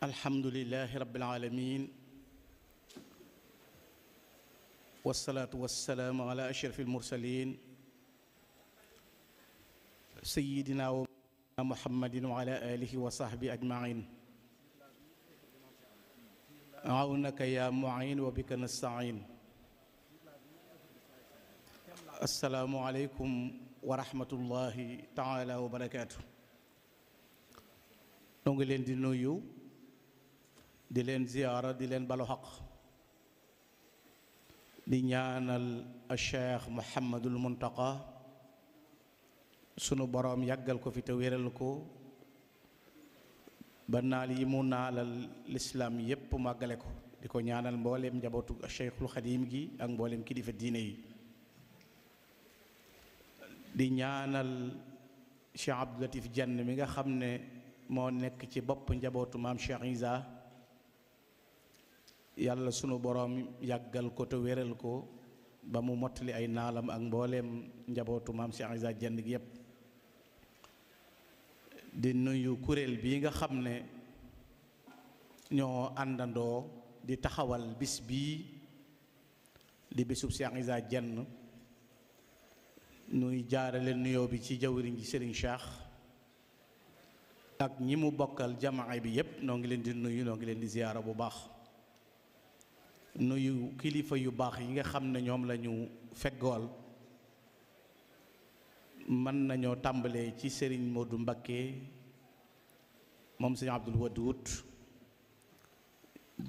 alhamdulilahi rabbil alamin wasalaatu wasalaamu ala ashrafil mursalin sayidina wa muhammadin wa ala alihi wa sahbi ajmain awnaka ya muin wa bika nastain asalaamu aleykum wa rahmatullahi taala wa barakaatu noo ngi leen di nuyu di leen ziyaara di leen balu xaq di ñaanal cheikh muhammadul muntaqa sunu boroom yàggal ko fi te wéral ko ba naal yi mu naalal lislaam yépp màggale ko di ko ñaanal mbooleem njabootu cheikhul xadim gi ak mbooleem kilifa diine yi di ñaanal cheikh abdulatif jenn mi nga xam ne moo nekk ci bopp njabootu maam cheikh isa yàlla sunu boroom yàggal ko te wéral ko ba mu mottali ay naalam ak mbooleem njabootu maam Cheikh Issa Dieng gi yépp di nuyu kuréel bii nga xam ne ñoo àndandoo di taxawal bis bii di bisub Cheikh Issa Dieng nuy jaarale nuyoo bi ci jawriñ ji Serigne Cheikh ak ñi mu bokkal jamaa bi yépp noo ngi leen di nuyu noo ngi leen di ziyaara bu baax nuyu kilifa yu baax yi nga xam ne ñoom lañu feggool mën nañoo tàmbalee ci Serigne Modou Mbakke moom Serigne Abdul Wadud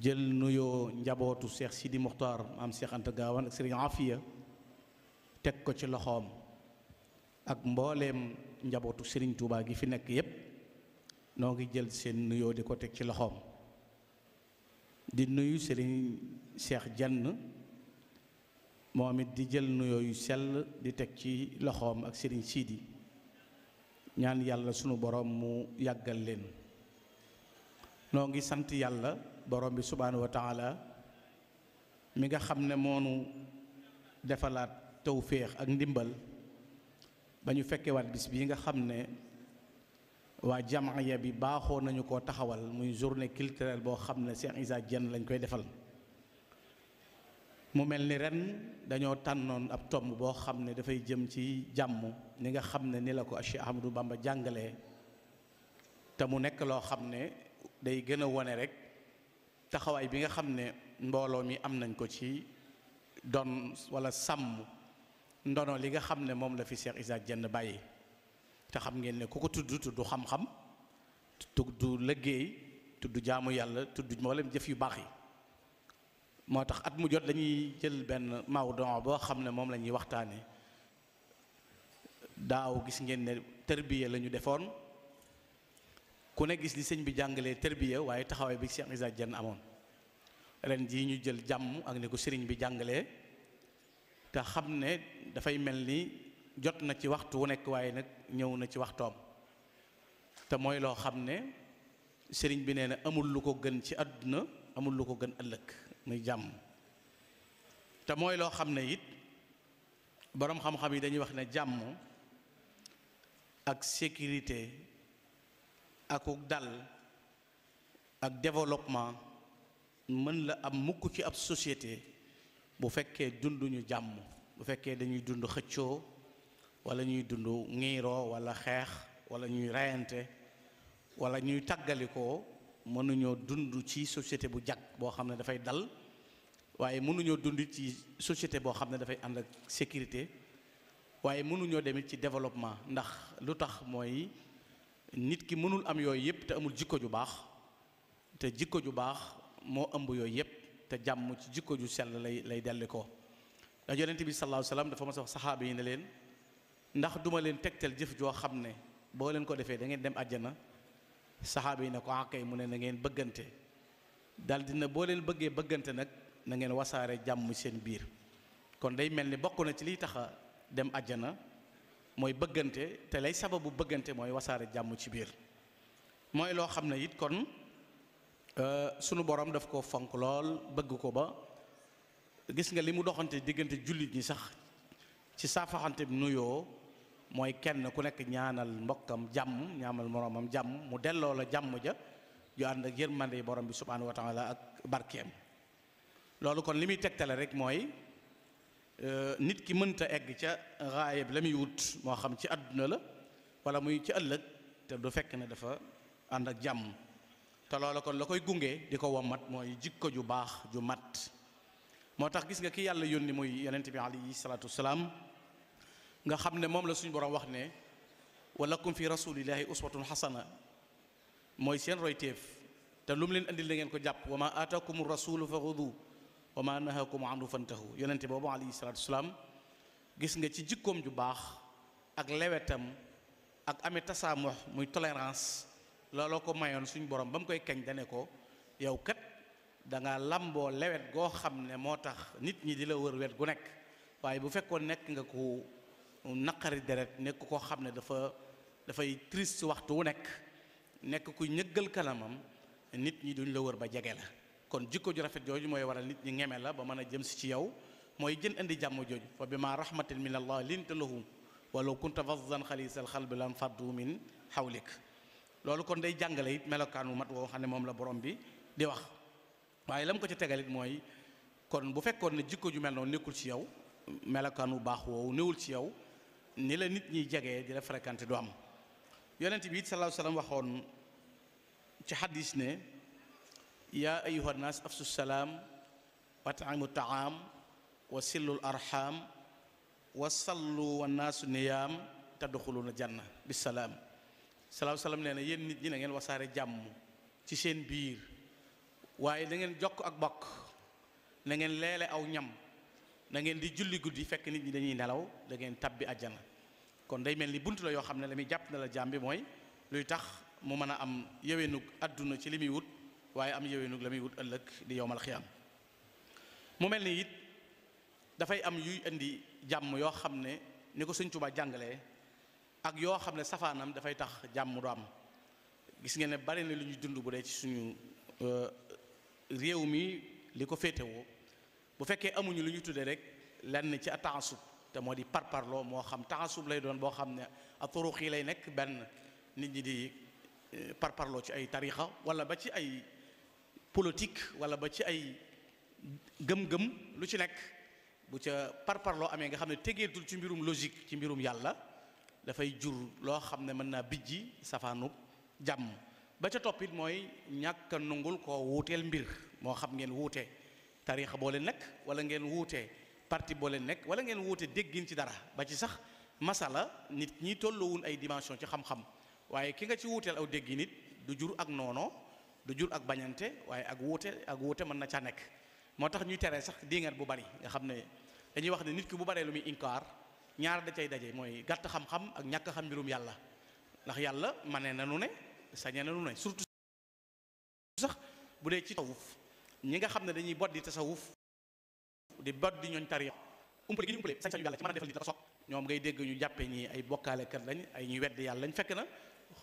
jël nuyoo njabootu Cheikh Sidi Muxtaar am Cheikh Anta Gaawaan ak Serigne Afiya teg ko ci loxoom ak mbooleem njabootu sëriñ Touba gi fi nekk yépp noo ngi jël seen nuyoo di ko teg ci loxoom di nuyu Serigne Cheikh Diène moom it di jël nuyoo yu sell di teg ci loxoom ak Serigne siidi ñaan yàlla sunu boroom mu yàggal leen noo ngi sant yàlla borom bi subhaanahu wa taala mi nga xam ne moonu defalaat tawféex ak ndimbal ba ñu fekkewaat bis bii nga xam ne waa jamaaya bi baaxoo nañu ko taxawal muy journée culturel boo xam ne Cheikh Issa Diène lañ koy defal mu mel ni ren dañoo tànnoon ab tomb boo xam ne dafay jëm ci jàmm ni nga xam ne ni la ko Cheikh Ahmadou Bamba jàngale te mu nekk loo xam ne day gën a wone rek taxawaay bi nga xam ne mbooloo mi am nañ ko ci don walla sàmm ndono li nga xam ne moom la fi Cheikh Issa jenn bàyyi te xam ngeen ne ku ko tudd tudd xam-xam tudd liggéey tudd jaamu yàlla tudd mboolem jëf yu baax yi moo tax at mu jot lañuy jël benn mawdu boo xam ne moom lañuy ñuy waxtaane daaw gis ngeen ne tërbiya la ñu defoon ku ne gis li sëñ bi jàngalee tërbiya waaye taxawe bi Cheikh Issa Diène amoon ren ji ñu jël jàmm ak ni ko sëriñ bi jàngale te xam ne dafay mel ni jot na ci waxtu wu nekk waaye nag ñëw na ci waxtoom te mooy loo xam ne sëriñ bi nee na amul lu ko gën ci àdduna amul lu ko gën ëllëg muy jàmm te mooy loo xam ne it boroom xam-xam yi dañuy wax ne jàmm ak sécurité akuk dal ak développement mën la am mukk ci ab société bu fekkee dunduñu jàmm bu fekkee dañuy dund xëccoo wala ñuy dund ŋiiroo walla xeex walla ñuy reyante wala ñuy tàggalikoo mënuñoo dund ci société bu jàkk boo xam ne dafay dal waaye mënuñoo dund ci société boo xam ne dafay ànd ak sécurité waaye mënuñoo demit ci développement ndax lu tax mooy nit ki mënul am yooyu yëpp te amul jikko ju baax te jikko ju baax moo ëmb yooyu yëpp te jàmm ci jikko ju sell lay lay delli ko da yonent bi sallallahu alayhi wasallam dafa mas wax saxaaba yi ne leen ndax duma leen tegtal jëf joo xam ne boo leen ko defee da ngeen dem àjjana saxaaba yi ne ko akay ah, mu ne na ngeen bëggante daldi na boo leen bëggee bëggante nag na ngeen wasaare jàmm seen biir kon day mel ni bokk na ci liy tax a dem àjjana mooy bëggante te lay sababu bëggante mooy wasaare jàmm ci biir mooy loo xam ne it kon euh, sunu borom daf ko fonk lool bëgg ko ba gis nga li mu doxante diggante jullit yi sax ci saafaxante bi nuyoo mooy kenn ku nekk ñaanal mbokkam jàmm ñaamal moroomam jàmm mu delloo la jàmm ja yu ànd ak yërmande yi borom bi subhaanahu wa la ak barkeem loolu kon li muy tegtale rek mooy euh, nit ki mënta egg ca raaya bi la muy wut moo xam ci àdduna la wala muy ci ëllëg te du fekk ne dafa ànd ak jàmm te loolu kon la koy gunge di ko wommat mooy ko ju baax ju mat moo tax gis nga ki yàlla yónni muy yonent bi alayhi salaatu wasalaam nga xam ne moom la suñu borom wax ne walakum fi rasulillahi uswatun xasana mooy seen royteef te lu mu leen indi na ngeen ko jàpp wa ma aatakum rasulu fa xudu wa ma nahakum anhu fantahu yonente boobu alayhi salatu wasalaam gis nga ci jikkoom ju baax ak lewetam ak amee tasaamux muy tolérance looloo ko mayoon suñu boroom ba mu koy kañ dane ko yow kat danga làmboo lewet goo xam ne moo tax nit ñi di la wër wet gu nekk waaye bu fekkoon nekk nga ko naqari deret nekk koo xam ne dafa dafay triste waxtu wu nekk nekk ku ñëggal kanamam nit ñi duñ la wër ba jege la kon jikko ju rafet jooju mooy waral nit ñi ngeme la ba mën a jëm si ci yow mooy jën indi jàmm jooju bi ma rahmatin min allah linta lahum walaw kunta fazzan xalisal xalbi lam faddu min xawlik loolu kon day jàngale it melokaanu mat woo xam ne moom la borom bi di wax waaye lam ko ci tegalit mooy kon bu fekkoon ne jikko ju mel noonu nekkul ci yow melokaanu baax woowu newul ci yow ni la nit ñiy jege di la fréquenté du am yonent bi it sallallahu alayhi wasallam waxoon ci xadis salaam wa taamu taam wa sillul arxaam wa sallu wa naasu niyaam tadxuluna janna bisalaam salaahu salaam nee na yéen nit ñi na ngeen wasaare jàmm ci seen biir waaye na jokk ak bokk na ngeen leele aw ñam na ngeen di julli guddi fekk nit ñi dañuy nelaw da ngeen tabbi àjjana kon day mel ni bunt la yoo xam ne la muy jàpp na la jaam bi mooy luy tax mu mën a am yeweenug àdduna ci li muy wut waaye am yeweenug la muy wut ëllëg di yowmal am mu mel ni it dafay am yuy indi jàmm yoo xam ne ni ko sëñ Tuubaa jàngalee ak yoo xam ne safaanam dafay tax jàmm du am gis nga ne bari na lu ñuy dund bu dee ci suñu euh, réew mi li ko féetewoo bu fekkee amuñu lu ñu tuddee rek lenn ci ataasub te moo di par parlo moo xam taasub lay doon boo xam ne aturuq yi lay nekk benn nit ñi di eh, par parlo ci ay tarixa wala ba ci ay polotik wala ba ci ay gëm-gëm lu ci nekk bu ca parparloo amee nga xam ne tegeetul ci mbirum logique ci mbirum yàlla dafay jur loo xam ne mën naa bijji safaanub jàmm ba ca toppit mooy ñàkk a nungul koo wuuteel mbir moo xam ngeen wuute tarixa boo leen nekk wala ngeen wuutee parti boo leen nekk wala ngeen wuute déggin ci dara ba ci sax masala nit ñi tolloowun ay dimension ci xam-xam waaye ki nga ci wuuteel aw déggi nit du jur ak noono du jur ak bañante waaye ak wuute ak wuute mën na caa nekk moo tax ñu teree sax dingat bu bari nga xam ne dañuy wax ne nit ki bu baree lu muy inkaar ñaar da cay daje mooy gàtt xam-xam ak ñàkk xam mbirum yàlla ndax yàlla mane na nu ne sañe na nu ne surtout bu dee ci tasawuf ñi nga xam ne dañuy boddi tasawuf di bat di ñooñ tariix umpale gi ñu umpale sañ-sañu yàlla ci mën a defal nit la ko soog ñoom ngay dégg ñu jàppe ñi ay bokkaalekat lañ ay ñuy weddi yàlla lañ fekk na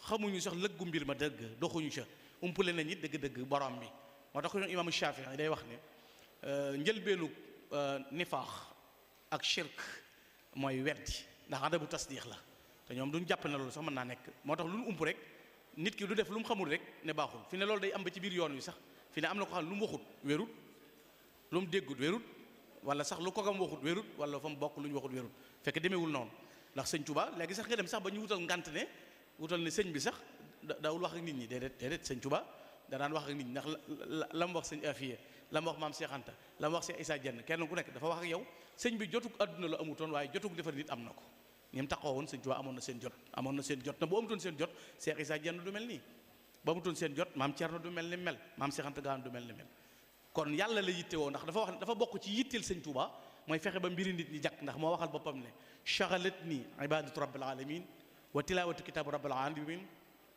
xamuñu sax lëggu mbir ma dëgg doxuñu ca umpale nañ it dëgg-dëgg borom bi moo tax ko ñoom imaamu Shafii day wax ne euh, njëlbeenu euh, nifaax ak shirk mooy weddi ndax adabu tasdiix la te ñoom duñ jàpp na loolu sax mën naa nekk moo tax lu ump rek nit ki du def lu mu xamul rek ne baaxul fi ne loolu day am ba ci biir yoon wi sax fi ne am na ko xam ne lu mu waxut wérut lu mu déggut wérut wala sax lu ko kogam waxut wérut wala fa mu bokk lu ñu waxut wérut fekk demeewul noonu ndax sëñ Touba léegi sax nga dem sax ba ñu wutal ngant ne wutal ne sëñ bi sax daawul wax ak nit ñi déedéet sëñ Touba da daan wax ak nit ñi ndax la mu sëñ Afiye la mu wax maam Cheikh wax Cheikh Issa kenn ku nekk dafa wax ak yow sëñ bi jotug adduna la amutoon waaye jotug defar nit am na ko ñoom taxoo woon sëñ Touba amoon na seen jot amoon na seen jot na bu amutoon seen jot Cheikh Issa Dieng du mel nii bu amutoon seen jot maam Thierno du mel ni mel maam Cheikh Anta Gawane du mel ni kon yàlla la yitte woo ndax dafa wax dafa bokk ci yitteel sëñ Tuuba mooy fexe ba mbiri nit ñi jàkk ndax moo waxal boppam ne chaxalat ni ibadatu rabbil alamin wa tilawatu kitabu rabbil alamin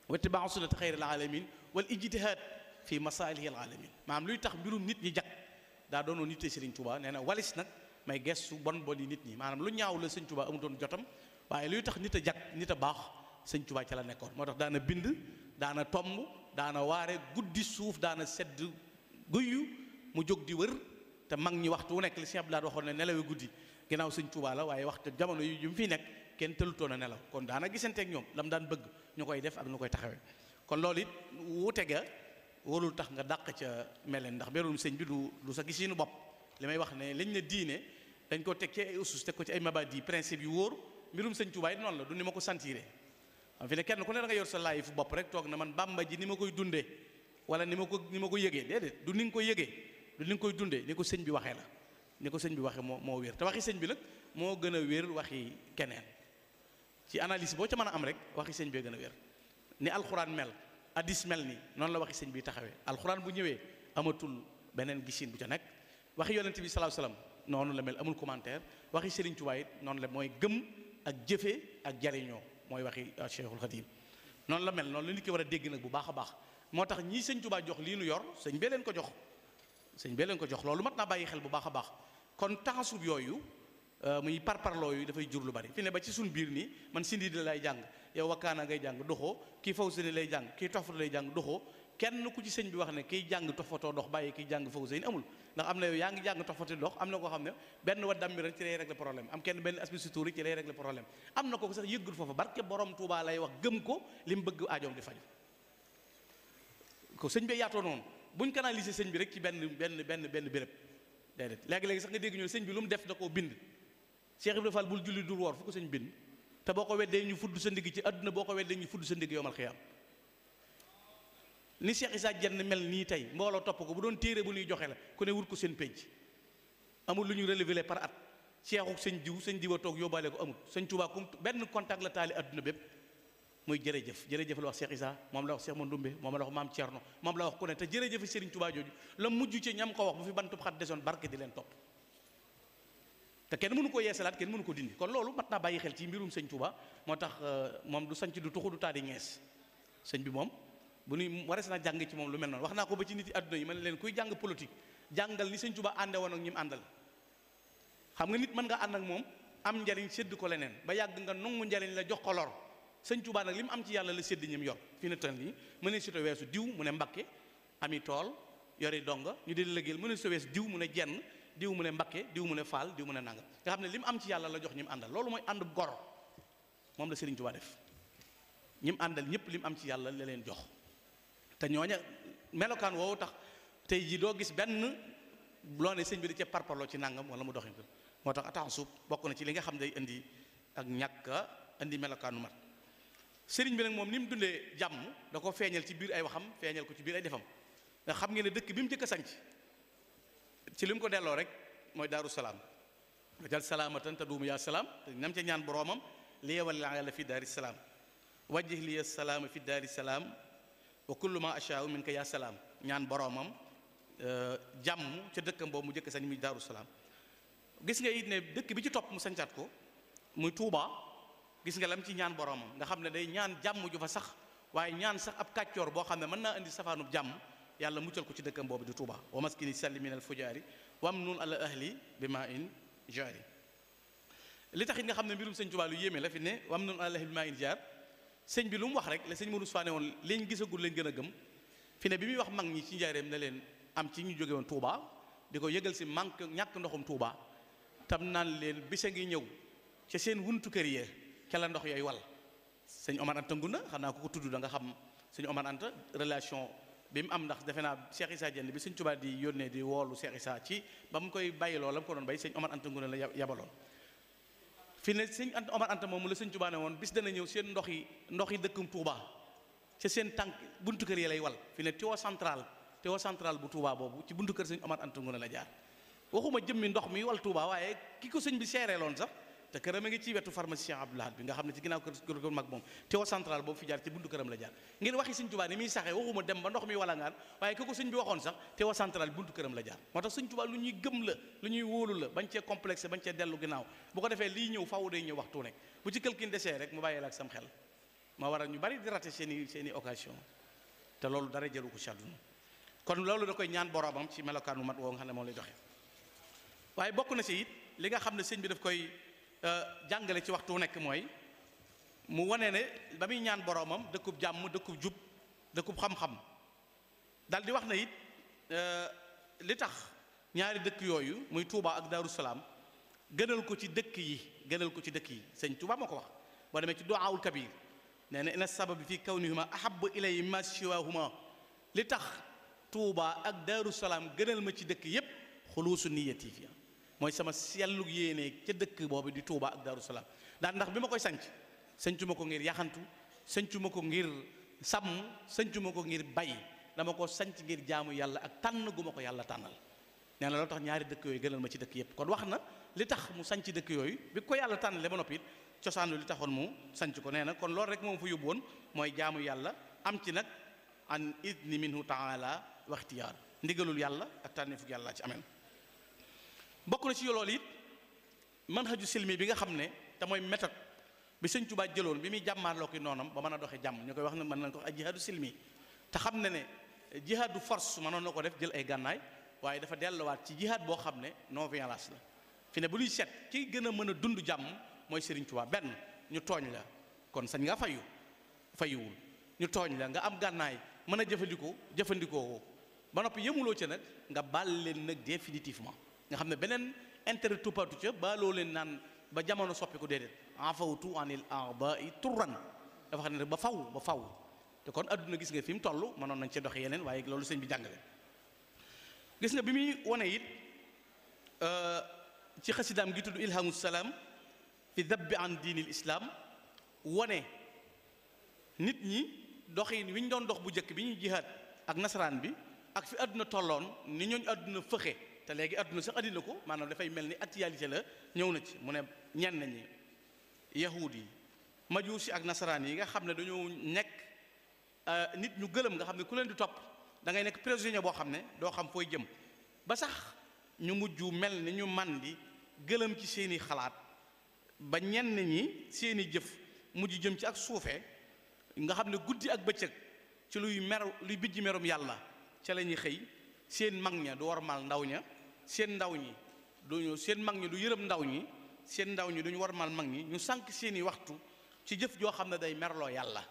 wa itibaa sunnati xayril alamin wal ijtihaad fi masaalihi al alamin maanaam luy tax mbirum nit ñi jàkk daa doonoon yitte sëriñ Tuuba nee na walis nag may gestu bon bon yi nit ñi maanaam lu ñaaw la sëñ Tuuba doon jotam waaye luy tax nit a jàkk nit a baax sëñ Tuuba ca la nekkoon moo tax daana bind daana tomb daana waare guddi suuf daana sedd mu jóg di wër te mag ñi waxtu wu nekk li Cheikh Abdoulaye waxoon ne nelawe guddi ginnaaw sëñ Tuubaa la waaye waxtu jamono yi mu fiy nekk kenn tëlutoon a nelaw kon daana gisanteeg ñoom lam daan bëgg ñu koy def ak ñu koy taxawee kon loolu it wuute ga warul tax nga dàq ca meleen ndax berum sëñ bi du du sa gis yi nu bopp li wax ne lañ ne diine dañ ko teg ci ay usus teg ko ci ay mabadi principe yu wóor mbirum sëñ Tuubaa it noonu la du ni ma ko sentiré am fi ne kenn ku ne da nga yor sa laay fu bopp rek toog na man bàmba ji ni ma koy dundee wala ni ma ko ni ma ko yëgee déedéet du ni nga ko yëgee li nga koy dundee ni ko sëñ bi waxee la ni ko sëñ bi waxee moo moo wér te waxi sëñ bi nag moo gën a wér waxi keneen ci analyse boo ca mën a am rek waxi sëñ bee gën a wér ni alxuraan mel addis mel ni noonu la waxi sëñ bi taxawee alxuraan bu ñëwee amatul beneen gisin bu ca nekk waxi yonent bi salaahu salaam noonu la mel amul commentaire waxi Serigne Touba it noonu la mooy gëm ak jëfe ak jariñoo mooy waxi euh, Cheikhul Khadim noonu la mel noonu la nit ki war a dégg nag bu baax a baax moo tax ñii sëñ Touba jox lii nu yor sëñ bee ko jox. sëñ bee lañ ko jox loolu mat naa bàyyi xel bu baax a baax kon taxasub yooyu euh, muy parparloo yu dafay jur lu bari fi ne ba ci suñ biir nii man sindi di lay jàng yow wakkaana ngay jàng doxoo kii fawsani lay jàng kii tofatu lay jàng doxoo kenn ku ci sëñ bi wax ne kii jàng tofatoo dox bàyyi kiy jàng fawsani amul ndax am yaa ngi jàng tofati dox am na koo xam ne benn wa dam bi rek ci lay régler problème kenn benn aspect si tuuri ci lay régler problème am na kooku sax yëggul foofa barke borom Touba lay wax gëm ko li mu bëgg aajoom di faju ko sëñ bi yaatoo noonu buñ canaliser sëñ bi rek ci benn benn benn benn béréb déedéet léegi-léegi sax nga dégg ñoo sëñ bi lu mu def da koo bind Cheikh Ibrahima fal bul julli dul woor fu ko sëñ bind te boo ko weddee ñu fudd sa ndigg ci àdduna boo ko weddee ñu fudd sa ndigg yomal xiyaam ni Cheikh Issa jenn mel nii tey mbooloo topp ko bu doon téere bu ñuy joxe la ku ne wut ko seen pénc amul lu ñu relever par at Cheikhu sëñ jiw sëñ jiw toog yóbbaale ko amul sëñ Tuubaa kum benn contact taali àdduna bépp muy jërëjëf jërëjëf la wax Cheikh Issa moom la wax Cheikh Mandoumbe moom la wax maam Thierno moom la wax ku ne te jërëjëf Serigne Touba jooju la mujj ci ñam ko wax bu fi bantub xat desoon te kenn mënu ko yeesalaat kenn mënu ko dindi kon loolu mat naa bàyyi xel ci mbirum sëñ Touba moo tax euh, moom du sanc du tuxu du taal di ñees sëñ bi moom bu nuy warees naa jàng ci moom lu mel noonu wax naa ko ba ci nit yi àdduna yi man leen kuy jàng politique jàngal ni sëñ Touba ànde woon ak ñi mu xam nga nit mën nga ànd moom am njariñ sédd ko leneen ba yàgg nga nungu njariñ la jox ko lor sëñ Tuubaa nag li am ci yàlla la sédd ñam yor fi ne tan nii mu ne sito weesu diw mu ne mbakke ami tool yori donga ñu di liggéeyal mu ne sito weesu diw mu ne jenn diw mu ne mbakke diw mu ne faal diw mu ne nangam nga xam ne li mu am ci yàlla la jox ñi mu àndal loolu mooy ànd gor moom la sëriñ Tuubaa def ñi àndal ñëpp li am ci yàlla la leen jox te ñooña melokaan woowu tax tey ji doo gis benn loo ne sëñ bi di ca parparloo ci nangam wala mu doxin moo tax attensuuf bokk na ci li nga xam day indi ak ñàkk indi melokaanu mat sëriñ bi nag moom ni mu dundee jàmm da ko feeñal ci biir ay waxam feeñal ko ci biir ay defam ndax xam ngeen ne dëkk bi mu njëkk a ci li mu ko delloo rek mooy daaru salaam wajal salaamatan taduumu yaa salaam te nam ca ñaan boroomam li wal ala fi daari salaam wajjih liya salaama fi daari salaam wa kullu ma ashaa'u minka yaa salaam ñaan boroomam euh, jàmm ca dëkk boobu mu njëkk a sanc muy daaru salaam gis nga it ne dëkk bi ci topp mu sancaat ko muy Touba. gis nga lam ci ñaan boromam nga xam ne day ñaan jàmm ju fa sax waaye ñaan sax ab kàccoor boo xam ne mën naa indi safaanub jàmm yàlla muccal ko ci dëkkam boobu di Touba wa maskini salli min al fujaari wam nun ala ahli bi ma in jaari li tax it nga xam ne mbirum sëñ Touba lu yéeme la fi ne wam nun ala ahli bi ma in jaar sëñ bi lu mu wax rek la sëñ Modou Soufane woon leen gisagul leen gën a gëm fi ne bi muy wax mag ñi ci njaareem ne leen am ci ñu jóge woon di ko yëgal si manque ñàkk ndoxum Touba tam naan leen bisa ngi ñëw ca seen wuntu kër yee ca ndox yooyu wal sëñ Omar Anta Ngunda xam naa ku ko tudd da nga xam sëñ Omar Anta relation bi am ndax defe naa Cheikh Issa bi sëñ Tuubaa di yónnee di woolu Cheikh Issa ci ba mu koy bàyyi la mu doon bay sëñ Omar Anta Ngunda la yabaloon fi ne sëñ Anta Omar Anta moomu la sëñ Tuubaa woon bis dana ñëw seen yi ndox yi dëkkum Touba seen tànk buntu kër yi lay wal fi ne tuyau central tuyau central bu Touba boobu ci buntu kër sëñ Omar Anta Ngunda la jaar waxuma jëmmi ndox mi wal Touba waaye ki ko sëñ bi loon sax te këram a ngi ci wetu pharmacien Abdoulahad bi nga xam ne ci ginnaaw kër ko mag moom teewa central boobu fi jaar ci buntu këram la jaar ngeen waxi sëñ Tuubaa ni muy saxee waxuma dem ba ndox mi walangaan waaye ku ko sëñ bi waxoon sax teewa central buntu këram la jaar moo tax sëñ Tuubaa lu ñuy gëm la lu ñuy wóolu la bañ cee complexe bañ cee dellu ginnaaw bu ko defee lii ñëw faw day ñëw waxtu nekk bu ci këlkin desee rek mu bàyyi la ak sam xel ma war a ñu bari di raté seeni loolu dara jëlu ko ci kon loolu da koy ñaan boromam ci melokaanu mat woo nga xam ne moom lay doxee waaye bokk na ci it li xam ne sëñ bi daf koy Euh, jàngale ci waxtu nekk mooy mu wane ne ba muy ñaan boroomam dëkkub jàmm dëkkub jub dëkkub xam-xam dal di wax na it euh, li tax ñaari dëkk yooyu muy Touba ak Darou Salaam gënal ko ci dëkk yi gënal ko ci dëkk yi sëñ Touba moo ko wax boo demee ci duaawul kabir nee na ina sababi fi kawnihuma ahabu ilay ma siwahuma li tax Touba ak Darou Salaam gënal ma ci dëkk yépp xuluusu niyati yi mooy sama sellu yéene ca dëkk boobu di Touba ak Darou Salaam daa ndax bi ma koy sanc sancuma ko ngir yaxantu sancuma ko ngir sàmm sancuma ko ngir bay dama koo sanc ngir jaamu yàlla ak tànn gu ma ko yàlla tànnal nee na loo tax ñaari dëkk yooyu gënal ma ci dëkk yépp kon wax na li tax mu sanc dëkk yooyu bi ko yàlla tànnalee ba noppi it cosaanu li taxoon mu sanc ko nee na kon loolu rek moom fa yóbbu woon mooy jaamu yàlla am ci nag an idni minhu taala waxtiyaar ndigalul yàlla ak tànneefug yàlla ci ameen bokk na ci loolu man xaju silmi bi nga xam ne te mooy méthode bi sëñ Tuubaa jëloon bi muy jàmmaarloo ki noonam ba mën a doxee jàmm ñu koy wax ne mën nañ ko ay jihaadu silmi te xam ne ne jihaad du force mënoon na ko def jël ay gànnaay waaye dafa delluwaat ci jihaad boo xam ne non violence la fi ne bu ñuy seet ki gën a mën a dund jàmm mooy Sëriñ Tuubaa benn ñu tooñ la kon sañ nga fayu fayuwul ñu tooñ la nga am gànnaay mën a jëfandikoo jëfandikoo ba noppi yëmuloo ca nag nga baal leen nag définitivement nga xam ne beneen intérêt tuppatu ca ba loo leen naan ba jamono soppiku déedéet afawtu anil abai turran dafa xam ne rek ba faw ba faw te kon adduna gis nga fi mu toll mënoon nañ ci dox yeneen waaye loolu sëñ bi jàngale gis bi muy wane it euh, ci xasidaam gi tudd ilhamu salaam fi dabbi an diinil islaam nit ñi doxin wi ñu doon dox bu njëkk bi ñuy jihaat ak nasaraan bi ak fi àdduna tolloon ni ñooñ àdduna fëxe te léegi adduna sax andi ko maanaam dafay mel ni actualité la ñëw na ci mu ne ñenn ñi yahuud yi si ak nasaraan yi nga xam ne dañoo nekk euh, nit ñu gëlëm nga xam ne ku leen di topp da ngay nekk prisonnier boo xam ne doo xam fooy jëm ba sax ñu mujj mel ni ñu man di gëlëm ci seeni xalaat ba ñenn ñi seeni jëf mujj jëm ci ak suufee nga xam ne guddi ak bëccëg ci luy mer luy bijji merum yàlla ca la xëy seen mag ña du war mal ndaw ña seen ndaw ñi duñu seen mag ñi du yërëm ndaw ñi seen ndaw ñi duñu warmal mag ñi ñu sànq seeni waxtu ci jëf joo xam ne day merloo yàlla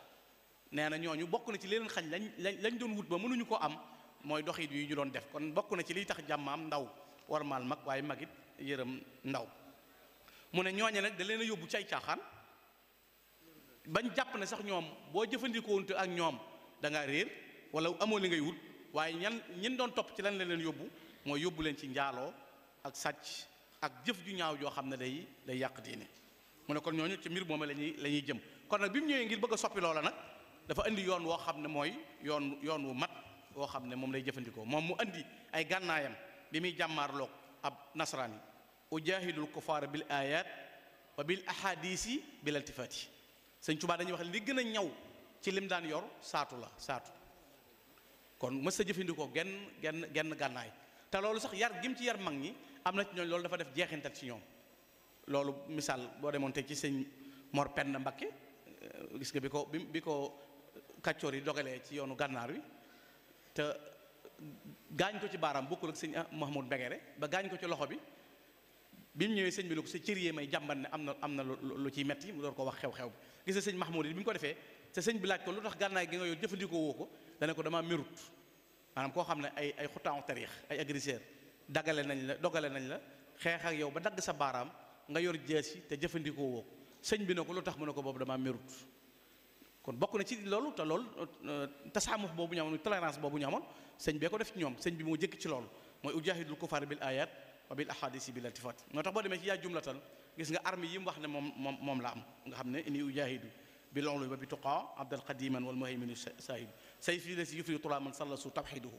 nee na ñu bokk na ci leneen xañ lañ lañ doon wut ba mënuñu ko am mooy doxit yi ñu doon def kon bokk na ci liy tax jàmmaam ndaw warmal mag waaye mag it yërëm ndaw mu ne ñooñe nag da leen a yóbbu cay caaxaan bañ jàpp ne sax ñoom boo jëfandikoowunte ak ñoom da réer wala amoo li ngay wut waaye ñan ñin doon topp ci lan la leen yóbbu mooy yóbbu leen ci njaaloo ak sàcc ak jëf ju ñaaw joo xam ne day day yàq diine mu ne kon ñooñu ci mbir moom la ñuy la jëm kon nag bi mu ñëwee ngir bëgg a la nag dafa indi yoon woo xam ne mooy yoon yoon wu mat woo xam ne moom lay jëfandikoo moom mu indi ay gànnaayam bi muy jàmmaarloog ab nasaraan yi ujaahidul kufaar bil ayat wa bil ahadisi bil iltifaati sëñ Tuubaa dañuy wax li gën a ñaw ci lim daan yor saatu la saatu kon mës sa jëfandikoo genn genn genn gànnaay te loolu sax yar gim ci yar mag ñi am na ci ñooñ loolu dafa def jeexintal ci ñoom loolu misaal boo demoon tey ci sëñ Mor Pend Mbakke euh, gis nga bi ko bi ko kàccoor yi dogalee ci yoonu gànnaar wi te gaañ ko ci baaraam bokkul ak sëñ ah, Mahmoud Mbegere ba gaañ ko ci loxo bi bi mu ñëwee sëñ bi lu ko sa cër yee may jàmbat ne am na am na lu ci metti mu door ko wax xew-xew bi gis nga sëñ Mahmoud yi bi ñu ko defee te sëñ bi laaj ko lu tax gànnaay gi nga yow jëfandikoo woo ko dana ko dama merut maanaam koo xam ne ay ay xutaawu tariix ay agresseur dagale nañ la dogale nañ la xeex ak yow ba dagg sa baaraam nga yor jees yi te jëfandikoo woo sëñ bi ne ko lu tax mu ne ko boobu damaa merut kon bokk na ci loolu te lool euh, tasaamuf boobu ñu amoon tolérance boobu ñu amoon sëñ bee ko def ci ñoom sëñ bi moo jëkk ci lool mooy ujaahidul kufaar bil ayat wa bil ahadisi bil iltifat moo tax boo demee ci yaa jumlatan gis nga armi yi mu wax ne moom moom moom la am nga xam ne ini ujaahidu bi loolu ba bi tuqaa abdal qadiman wal muhaymin saahibi say fii la si yufliu turaaman salla su tabxiduhu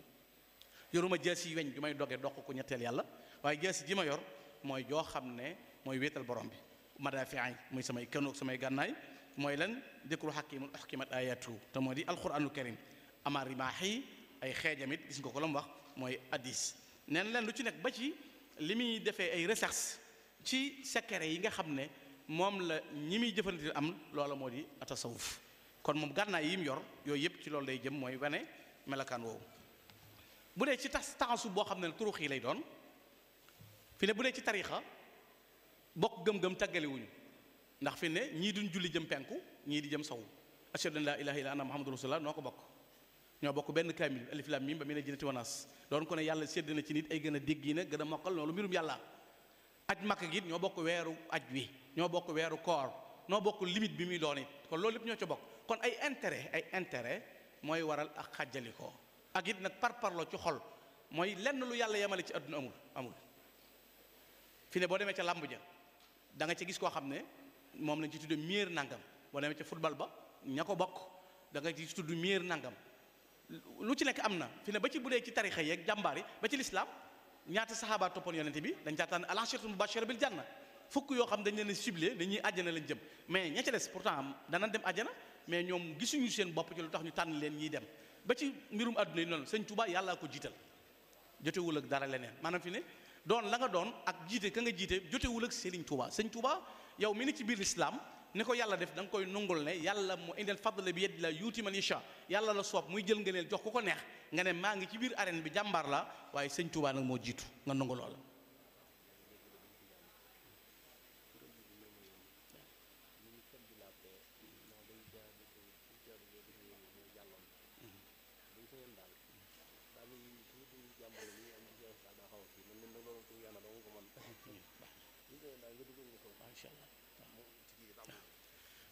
yoruma jees yi weñ bi may doge doq ko ñetteel yàlla waaye jees ji ma yor mooy joo xam ne mooy wéetal borom bi madaafiay muy samay kanoog samay gànnaay mooy lan dikru xakimun uxkimat ayatuhu te moo di alquranul karim ama rimaax yi ay xeejamit gis nga ko la mu wax mooy addis neen leen lu ci nekk ba ci li muy defee ay recherche ci secret yi nga xam ne moom la ñi muy jëfandikoo am loola moo di atasawuf kon moom gànnaay yi mu yor yooyu yëpp ci loolu day jëm mooy wane melakaan woowu bu dee ci tas taxasu boo xam ne turux yi lay doon fi ne bu dee ci tariixa bokk gëm-gëm tàggalewuñu ndax fi ne ñii duñ julli jëm penku ñii di jëm sowu ashhadu an laa ilaaha illa anna muhammadur rasulullah noo ko bokk ñoo bokk benn kaamil alif lam mim ba mi ne jinati wanaas doon ko ne yàlla sédd na ci nit ay gën a dégg yi na gën a mokkal loolu mbirum yàlla aj makk gi ñoo bokk weeru aj wi ñoo bokk weeru koor ñoo bokk limite bi muy doon it loolu lépp ñoo ca bokk kon ay intérêt ay intérêt mooy waral ak ko ak it nag par parlo ci xol mooy lenn lu yàlla yemale ci àdduna amul amul fi ne boo demee ca làmb ja da nga ca gis koo xam ne moom lañ ci tudde miir nangam boo demee ca futbal ba ña ko bokk da nga ci tudd miir nangam lu ci nekk am na fi ne ba ci bu dee ci tarixa yeeg jàmbaar yi ba ci lislaam ñaata saxaaba toppoon yonente bi dañ caa tànn al asharatul mubashara bil janna fukk yoo xam dañ leen ciblé dañuy àjjana lañ jëm mais ña ca des pourtant dana dem àjjana mais ñoom gisuñu seen bopp ci lu tax ñu tànn leen ñiy dem ba ci mbirum àdduna yi noonu sëñ Touba yàllaa ko jiital jotewul ak dara leneen maanaam fi ne doon la nga doon ak jiite ka nga jiite jotewul ak Serigne Touba sëñ Touba yow mi ne ci biir lislaam ne ko yàlla def danga koy nungul ne yàlla mu indil fadla bi yedd la yuuti man yasha yàlla la soob muy jël nga neel jox ku ko neex nga ne maa ngi ci biir arène bi jàmbaar la waaye sëñ Touba nag moo jiitu nga nungu loola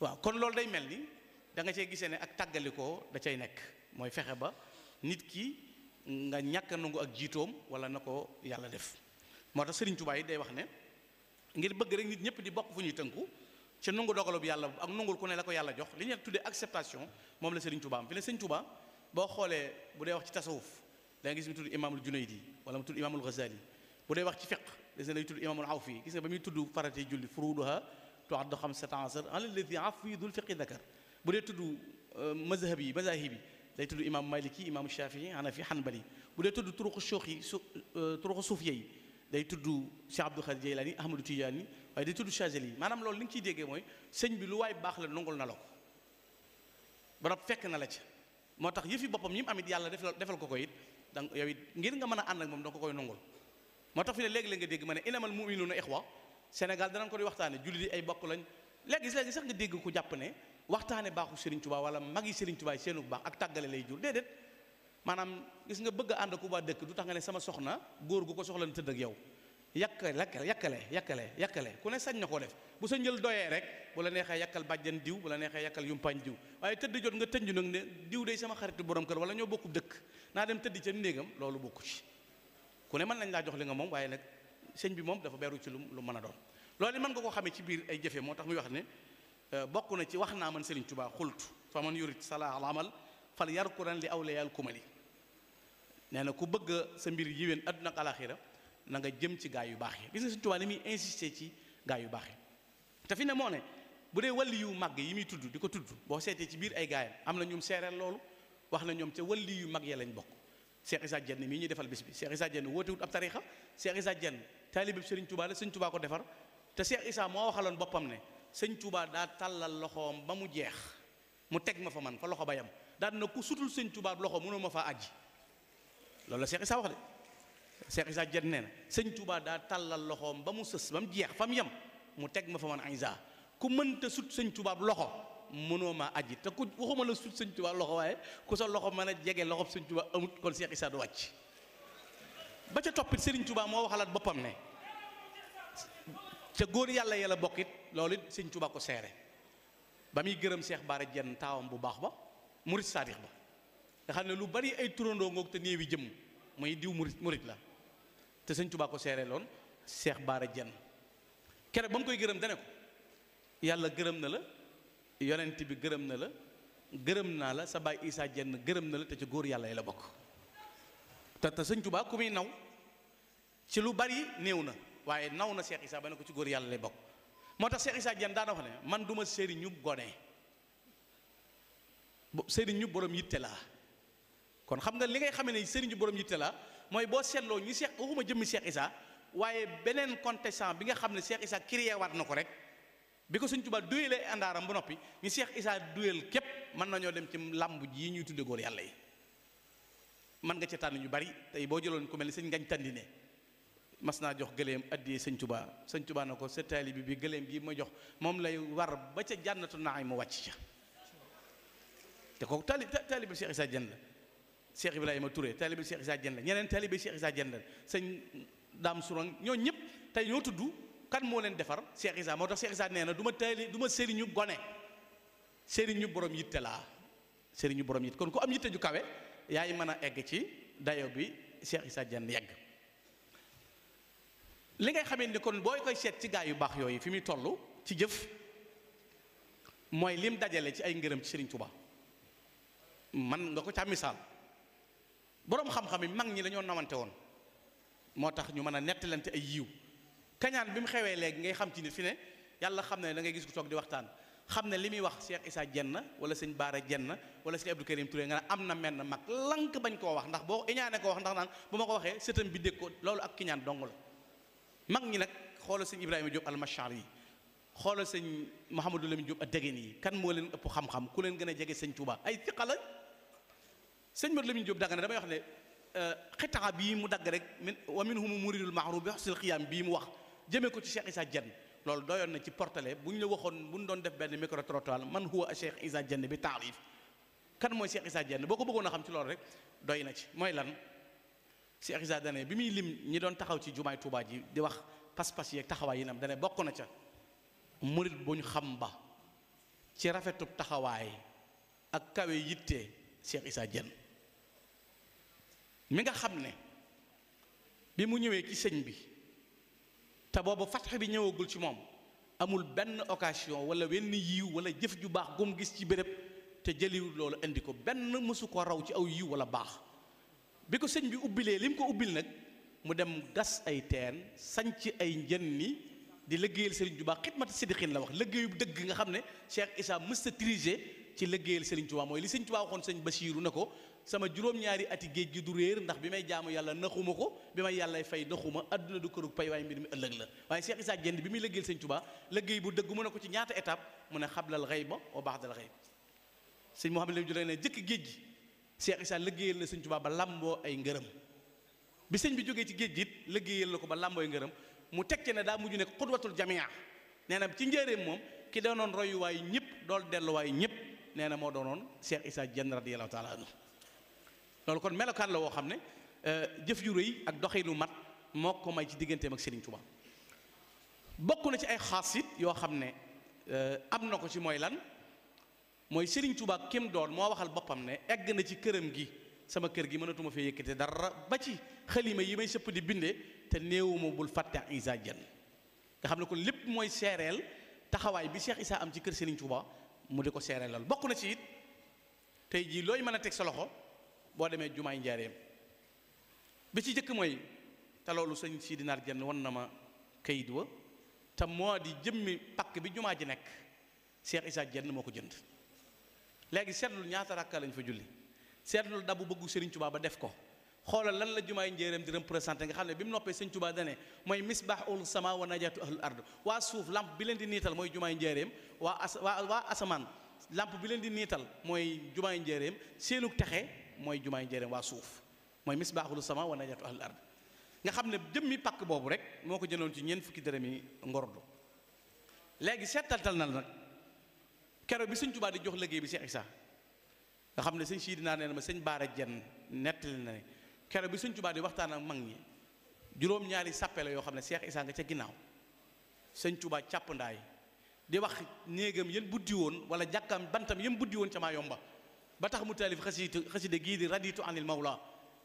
waaw kon loolu day mel ni da nga cee gisee ne ak ko da cay nekk mooy fexe ba nit ki nga ñàkk a ak jiitoom wala na ko yàlla def moo tax Sëriñ Tuubaa yi day wax ne ngir bëgg rek nit ñëpp di bokk fu ñuy tënku ci nangu dogalub yàlla ak nangul ku ne la ko yàlla jox li ñu tuddee acceptation moom la Sëriñ Tuubaa am fi ne Sëriñ Tuubaa boo xoolee bu dee wax ci tasawuf da nga gis mu tudd imaamul Junaydi wala mu tudd imaamul Ghazali bu dee wax ci fiqh des na lay tudd imaamul Awfi gis nga ba muy tudd farate tuaddu xamsata asar alladi afi dul fiqi dakar bu dee tudd euh, mazhab yi mazahib yi day tudd imam maliki imam shafii hanafi hanbali bu dee tudd turuqu shoox yi su euh, turuqu suufiya yi day tudd Cheikh Abdul Xaadir Jeylaani Ahmadu Tijaani waaye day tudd Chazali yi maanaam loolu li nga ciy déggee mooy sëñ bi lu waay baax la nangul na la ko barab fekk na la ca moo tax yëfi boppam yi mu am it yàlla defal defal ko ko it danga yow it ngir nga mën a ànd ak moom danga ko koy nangul moo tax fi ne léegi dégg ma ne inamal muminuuna ixwa Sénégal dana ko di waxtaane jullit yi ay bokk lañ léegi léegi sax nga dégg ku jàpp ne waxtaane baaxu seriñ Touba wala mag yi Serigne Touba seenu baax ak tàggale lay jur déedéet maanaam gis nga bëgg ànd ku ba dëkk du tax nga ne sama soxna góor gu ko soxla na tëdd ak yow yàkkal lakkal yàkkale yàkkale yàkkale ku ne sañ na koo def bu sa njël doyee rek bu la neexee yàkkal bàjjan diw bu la neexee yàkkal yumpaañ diw waaye tëdd jot nga tënju nag ne diw day sama xaritu borom kër wala ñoo bokku dëkk naa dem tëdd ca néegam loolu bokku ci ku ne mën nañ laa jox li nga moom waaye nag sëñ bi moom dafa beru ci lu lu mën a doon loolu mën nga ko xamee ci biir ay jëfe moo tax muy wax ne euh, bokk na ci wax naa man Sëriñ Tuubaa xultu fa man yurit salaaxal amal fal yar yarkuran li awliyaal kumali nee na ku bëgg sa mbir yiwén àdduna ak alaxira na nga jëm ci gaa yu baax yi gis nga Sëriñ Tuubaa ni muy insister ci gaa yu baax yi te fi ne moo ne bu dee wàlli yu màgg yi muy tudd di ko tudd boo seetee ci biir ay gaayam am na ñum seereel loolu wax na ñoom ca wàlli yu mag ya lañ bokk Cheikh Issa Diène mii ñuy defal bis bi Cheikh Issa Diène woote wut ab tarixa Cheikh Issa Diène taalibe Sëriñ Tuubaa la Sëriñ Tuubaa ko defar te Cheikh Issa moo waxaloon boppam ne Sëriñ Tuubaa daa tàllal loxoom ba mu jeex mu teg ma fa man fa loxo ba yam daan na ku sutul Sëriñ Tuubaa loxo mënoo ma faa àjji loolu la Cheikh Issa wax de Cheikh Issa nee na Sëriñ Tuubaa daa tàllal loxoom ba mu sës ba mu jeex fa mu yem mu teg ma fa man Aïssa ku mënta sut Sëriñ Tuubaa loxo mënoo maa aji te ku waxuma la sut sëñ Tuubaa loxo waaye ku sa loxo mën a jege loxob sëñ Tuubaa amut kon Cheikh Issa du ba ca toppit Serigne Touba moo waxalaat boppam ne ca góor yàlla yàlla bokkit loolu it Serigne Touba ko seere ba muy gërëm Cheikh Bara jenn taawam bu baax ba murit saadix ba nga xam ne lu bari ay turandoo ngoog te néewi jëm muy diw murit murit la te Serigne Touba ko seere loon Cheikh Bara Diène keroog ba mu koy gërëm dane ko yàlla gërëm na la yonent bi gërëm na la gërëm naa la sa baay Isaa jenn gërëm na la te ci góor yàlla yi la bokk te te sëñ Tuubaa ku muy naw ci lu bari néew na waaye naw na Cheikh Isaa ba ne ko ci góor yàlla lay bokk moo tax Cheikh Isaa jenn daana wax ne man duma sëriñ ñub gone sëriñ ñu boroom yitte laa kon xam nga li ngay xamee ne sëriñ ñu borom yitte laa mooy boo seetloo ñi Cheikh waxuma jëmmi Cheikh Isaa waaye beneen contestant bi nga xam ne Cheikh Isaa créé waat na ko rek bi ko Sëñ Tuubaa duyelee àndaaram bu noppi ñu Cheikh Issa duyel képp mën nañoo dem ci làmb ji ñuy tudde góor yàlla yi mën nga ca tànn ñu bari tey boo jëloon ku mel ni sëñ ngañ tàndine mas naa jox gëléem addiyee Sëñ Tuubaa Sëñ Tuubaa na ko sa taali bi gëléem gi ma jox moom lay war ba ca jànnatu naay mu wàcc ca te kooku taali taalibe Cheikh Issa Diène la Cheikh Ibrahima Touré taalibe Cheikh Issa Diène la ñeneen taalibe Cheikh Issa Diène la sëñ Daam Sourang ñoo ñëpp tey ñoo kan moo leen defar Cheikh Issa moo tax Cheikh nee na duma ma taali du ma sëriñu gone sëriñu borom yitte laa sëriñu borom yit kon ku am yitte ju kawe yaay mën a egg ci dayo bi Cheikh Issa Diène yegg li ngay xamee ni kon booy koy seet ci gaa yu baax yooyu fi muy toll ci jëf mooy lim dajale ci ay ngërëm ci Serigne Touba man nga ko ca misaal boroom xam-xam yi mag ñi lañoo ñoo nawante woon moo tax ñu mën a nettalante ay yiw kañaan bi mu xewee léegi ngay xam ci nit fi ne yàlla xam ne da ngay gis ku toog di waxtaan xam ne li muy wax Cheikh Issa jenn wala sëñ Baara jenn wala sëñ Abdou Karim Touré nga ne am na menn mag lank bañ koo wax ndax boo iñaane ko wax ndax naan bu ma ko waxee sëtam bi dégg ko loolu ak kiñaan dong la mag ñi nag xoolal sëñ Ibrahima Diop almachar yi xoolal sëñ Mouhamadou Lamine Diop ak dégeen yi kan moo leen ëpp xam-xam ku leen gën a jege sëñ Touba ay fiqa lañ sëñ Modou Lamine Diop dagg na damay wax ne euh, xitaa bii mu dagg rek min wa minhum muridul mahrub bi xasil xiyaam bii mu wax jëmee ko ci Cheikh Issa Dieng loolu doyoon na ci portale bu ñu la waxoon bu ñu doon def benn micro trottoir man huwa Cheikh Issa Dieng bi taarif kan mooy Cheikh Issa Dieng boo ko bëggoon a xam ci loolu rek doy na ci mooy lan Cheikh Issa dane bi muy lim ñi doon taxaw ci jumaay Tuubaa ji di wax pas-pas yeeg taxawaay yi nam dane bokk ca murit bu ñu xam ba ci rafetub taxawaay ak kawe yitte Cheikh Issa Dieng mi nga xam ne bi mu ñëwee ci sëñ bi te booba fatx bi ñëwagul ci moom amul benn occasion wala wenn yiw wala jëf ju baax gum gis ci béréb te jëliwul loolu indi ko benn mësu ko raw ci aw yiw wala baax bi ko sëñ bi ubbilee li mu ko ubbil nag mu dem gas ay teen sanc ay njën ni di liggéeyal Serigne Touba xidmati siddiqin la wax liggéeyu dëgg nga xam ne Cheikh Issa mës a dirigé ci liggéeyal Serigne Touba mooy li sëñ Touba waxoon sëñ Basiiru na ko sama juróom-ñaari ati géej gi du réer ndax bi may jaamu yàlla naxuma ko bi may yàllay fay naxuma àdduna du këru pay waaye mbir mi ëllëg la waaye Cheikh Issa Diène bi muy lëggéeyal Sëñ Tuubaa lëggéey bu dëgg mu ko ci ñaata étape mu ne xablal xayba wa ba'dal xayb sëñ Mouhamed Lamine Diallo ne jëkk géej gi Cheikh Issa lëggéeyal na Sëñ Tuubaa ba làmboo ay ngërëm bi sëñ bi jógee ci géej gi it lëggéeyal na ko ba làmboo ay ngërëm mu teg ci ne daa mujj nekk xudwatul jamia nee na ci njëreem moom ki doonoon royuwaay ñëpp dool delluwaay ñëpp nee na moo doonoon Cheikh Issa Diène radiyallahu taala anhu loolu kon melokaan la woo xam ne euh, jëf ju rëy ak doxinu mat moo ko may ci digganteem ak Serigne Touba bokk na ci ay xaasit yoo xam ne euh, am na ko ci mooy lan mooy Serigne Touba kim doon moo waxal boppam ne egg na ci këram gi sama kër gi mënatuma fi yëkkate dara ba ci xalima yi may sëpp di binde te neewuma bul fàtte Isa Dieng nga xam ne ko lépp mooy seereel taxawaay bi Cheikh isaa am ci kër Serigne Touba mu di ko seereel lool bokk na ci it tey jii looy mën a teg sa loxo. boo demee jumaay njaareem bi ci jëkk mooy te loolu sëñ si dinaar jenn wan na ma kayit wa te moo di jëmmi pakk bi jumaa ji nekk Cheikh Issa jenn moo ko jënd léegi seetlul ñaata rakka lañ fa julli seetlul dabu bëggu Serigne Touba ba def ko xoolal lan la jumaay njéeréem di représenté nga xam ne bi mu noppee sëñ Touba dane mooy misbaaxul sama wa najaatu ahlul ard waa suuf làmp bi leen di niital mooy jumaay njéeréem waa as waa asamaan làmp bi leen di niital mooy jumaay njéeréem seenug texe mooy jumaay njëriñ waa suuf mooy misbaaxul sama wa najatu ahlul ard nga xam ne jëmmi pàkk boobu rek moo ko jëndoon ci ñeent fukki dërëm yi ngordu léegi seetaltal na la nag kero bi sëñ Tuubaa di jox liggéey bi Cheikh Issa nga xam ne sëñ sii dinaa nee na sëñ Baara Jenn nettali na ne bi sëñ Tuubaa di waxtaan ak mag ñi juróom-ñaari sàppe la yoo xam ne Cheikh isaa nga ca ginnaaw sëñ Tuubaa càpp ndaay di wax néegam yéen buddi woon wala jàkkaam bantam yéen buddi woon ca maa yomba ba tax mu taalif xasida xasida gii di raditu anil mawla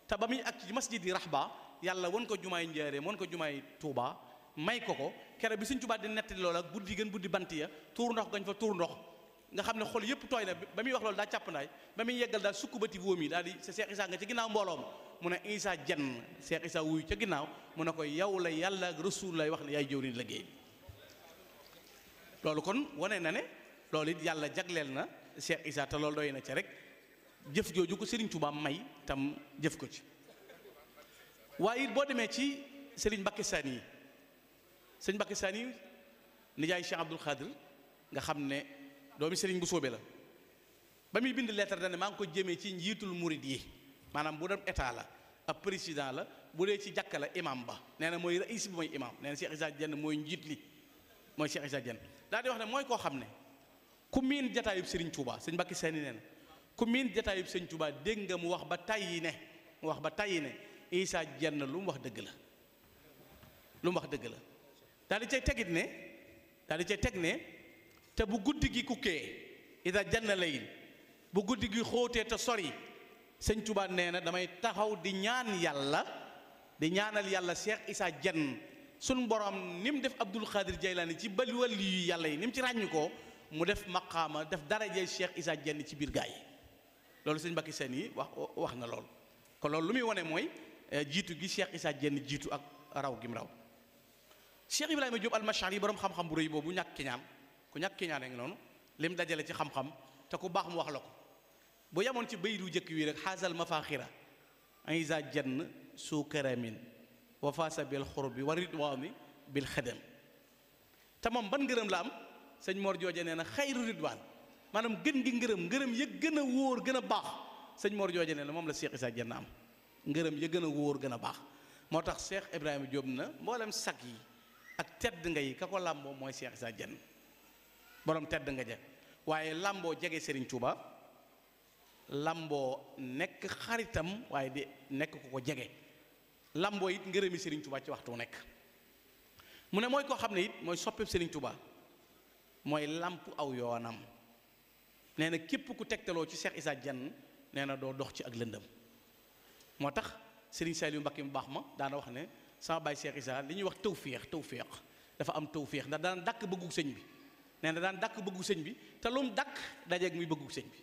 te ba muy ak ci masjid yi Rahba yàlla wan ko jumaay Njaaréem won ko jumaay tuuba may ko ko kere bi Sëñ Tuubaa di nettali loolu ak buddi gën buddi bant ya tuur ndox gañ fa tuur ndox nga xam ne xol yëpp tooy ba muy wax loolu daa càpp ndaay ba muy yeggal daal sukk bati wóom yi daal sa nga ci ginnaaw mbooloo ma mu ne Issa jenn Cheikh Issa ginnaaw mu ne ko yow la yàlla ak Rasuul lay wax ne yaay jëwriñ liggéey loolu kon wane na ne loolu it yàlla jagleel na Cheikh Issa te loolu doy na ca rek jëf jooju ko Serigne Touba may tam jëf ko ci waaye it boo demee ci sëriñ Mbacké Sani sëñ Mbacké Sani nijaay Cheikh Abdoul Khadir nga xam ne doomi Serigne bu soobe la ba muy bind lettre dane maa ngi ko jëmee ci njiitul murid yi maanaam bu doon état la ab président la bu dee ci jàkka la imam ba nee na mooy raïs bi mooy imam nee na Cheikh Issa Diène mooy njiit li mooy Cheikh Issa Diène daal di wax ne mooy koo xam ne ku miin jataayub Serigne Touba sëñ Mbacké Sani nee ku miin jataayub sëñ Tuubaa dégg nga mu wax ba tàyyi ne mu wax ba tàyyi ne Isaa jenn lu mu wax dëgg la lu mu wax dëgg la daal di cay ne daal di cay ne te bu guddi gi kukkee Isaa jenn layil bu guddi gi xóotee te sori sëñ Tuubaa nee na damay taxaw di ñaan yàlla di ñaanal yàlla Cheikh Isaa jenn sunu borom ni mu def Abdul Xaadir Jaylaani ci baliwal yi yàlla yi ni mu ci ràññ ko mu def maqaama def dara daraje Cheikh Isaa jenn ci biir gaa yi loolu sëñ Mbacke Seen yi wax wax na lool kon loolu lu muy wane mooy eh, jiitu gi Cheikh Issa Diène jiitu ak raw gim raw Cheikh Ibrahima Diop almashar yi borom xam-xam bu rëy boobu ñàkk ki ñaan ku ñàkk kiñaan a ngi noonu lim dajale ci xam-xam te ku baax mu wax la ko bu yemoon ci bayit wu jëkk wii rek xaasal mafaxira isa jenn suu karamin wa faasa bi xurbi wa ridwaani bil xadam te moom ban ngërëm la am sëñ moor jooje nee na xayru ridwaan maanaam gën gi ngërëm ngërëm ya gën a wóor gën a baax sëñ Mor jooje ne la moom la Cheikh sa Dienne am ngërëm ya gën a wóor gën a baax moo tax seex Ibrahima Diop na mboolem sag yi ak tedd nga yi ka ko làmboo mooy Cheikh Issa Dienne borom tedd nga ja waaye làmboo jege sëriñ Touba làmboo nekk xaritam waaye di nekk ku ko jege làmboo it ngërëmi Serigne tubaa ci waxtu nekk mu ne mooy koo xam ne it mooy soppeeb sëriñ Touba mooy làmp aw yoonam. nee na képp ku tegtaloo ci seex isaa Diène nee na doo dox ci ak lëndëm moo tax Serigne Saliou Mbacké mu baax ma daana wax ne sama baay Cheikh isaa li ñuy wax tëw tawféex feex dafa am tawféex ndax daan dàkk bëggu sëñ bi nee na daan dàkk bëggu sëñ bi te lu mu muy bëggu sëñ bi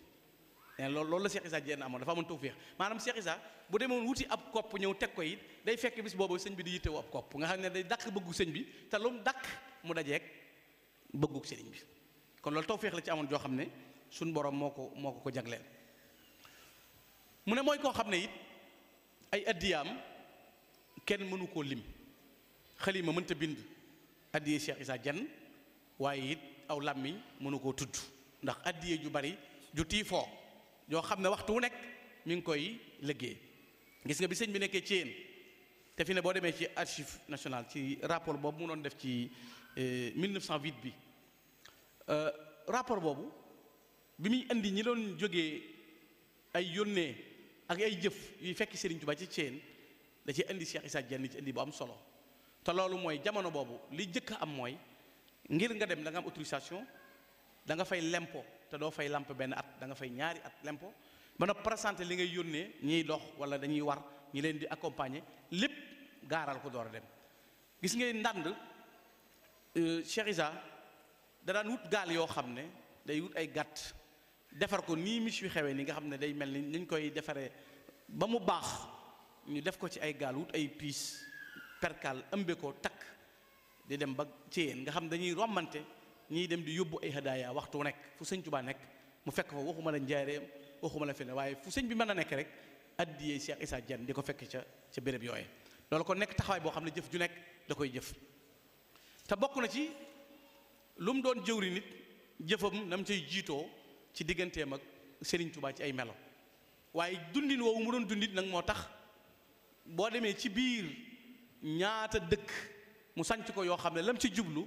nee na loolu loolu la Cheikh Issa Diène amoon dafa amoon tawféex maanaam Cheikh Issa bu demoon wuti ab kopp ñëw teg ko it day fekk bis boobu sëñ bi di yittewoo ab kopp nga xam ne day dàkk bëggu sëñ bi te lu mu dajeek mu dajeeg bëggu sëriñ bi kon loolu tawféex la ci amoon joo xam ne suñ borom moo ko moo ko ko jagleel mu ne mooy koo xam ne it ay addiyaam kenn mënu koo lim xalima mënta bind addiyee Cheikh Issa Dieng waaye it aw làmmiñ mënu koo tudd ndax addiyee ju bari ju tiifoo yoo xam ne waxtu wu nekk mi ngi koy liggéey gis nga bi sëñ bi nekkee ci yéen te fi ne boo demee ci archive nationale ci rapport boobu mu doon def ci 1908 eh, bi euh, rapport boobu bi muy indi ñi loon jógee ay yónnee ak ay jëf yuy fekk Sëriñ Tuubaa ci ceen da ci indi Cheikh Issa Dieng ci indi bu am solo te loolu mooy jamono boobu li njëkk a am mooy ngir nga dem danga am autorisation da nga fay lempo te doo fay lamp benn at da nga fay ñaari at lempo mën a présenté li ngay yónnee ñiy dox wala dañuy war ñi leen di accompagner lépp gaaral ko door a dem gis ngay ndànd euh, Cheikh Issa da daan wut gaal yoo xam ne day wut ay gàtt defar ko nii miche yu xewee ni nga xam ne day mel ni ñu koy defaree ba mu baax ñu def ko ci ay gaal wut ay piis perkal ëmbeekoo takk di dem ba ci yéen nga xam dañuy rombante ñiy dem di yóbbu ay hadaaya waxtu nekk fu sëñ Tuubaa nekk mu fekk fa waxuma la njaareem waxuma la feneen waaye fu sëñ bi mën a nekk rek addiyee Cheikh Issa Diène di ko fekk ca ca béréb yooye loolu kon nekk taxawaay boo xam ne jëf ju nekk da koy jëf te bokk na ci lu mu doon jëwri nit jëfam cay jiitoo ci digganteem ak Serigne Touba ci ay melo waaye dundin woowu mu doon dundit nag moo tax boo demee ci biir ñaata dëkk mu sanc ko yoo xam ne la lam ci jublu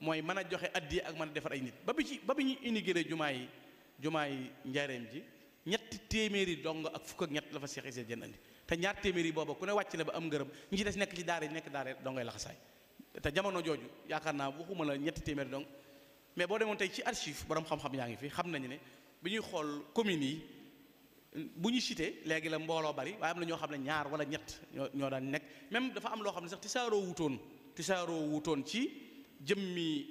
mooy mën a joxe addi ak mën a defar ay nit ba bi ci ba bi ñu inauguré jumaa yi jumaa yi njaareem ji ñetti téeméeri dong ak fukk ak ñett la fa Cheikh Issa Diène andi te ñaar téeméeri booba ku ne wàcc la ba am ngërëm ñu ci des nekk ci daar yi nekk daar daara dongay laxasaay te jamono jooju yaakaar naa waxuma la ñetti téeméeri dong mais boo demoon tey ci archive borom xam-xam yaa ngi fi xam nañu ne bi ñuy xool communes yi bu ñu cité léegi la mbooloo bari waaye am na ñoo xam ne ñaar wala ñett ñoo ñoo daan nekk même dafa am loo xam ne sax tisaaroo wutoon tisaaroo wutoon ci jëmmi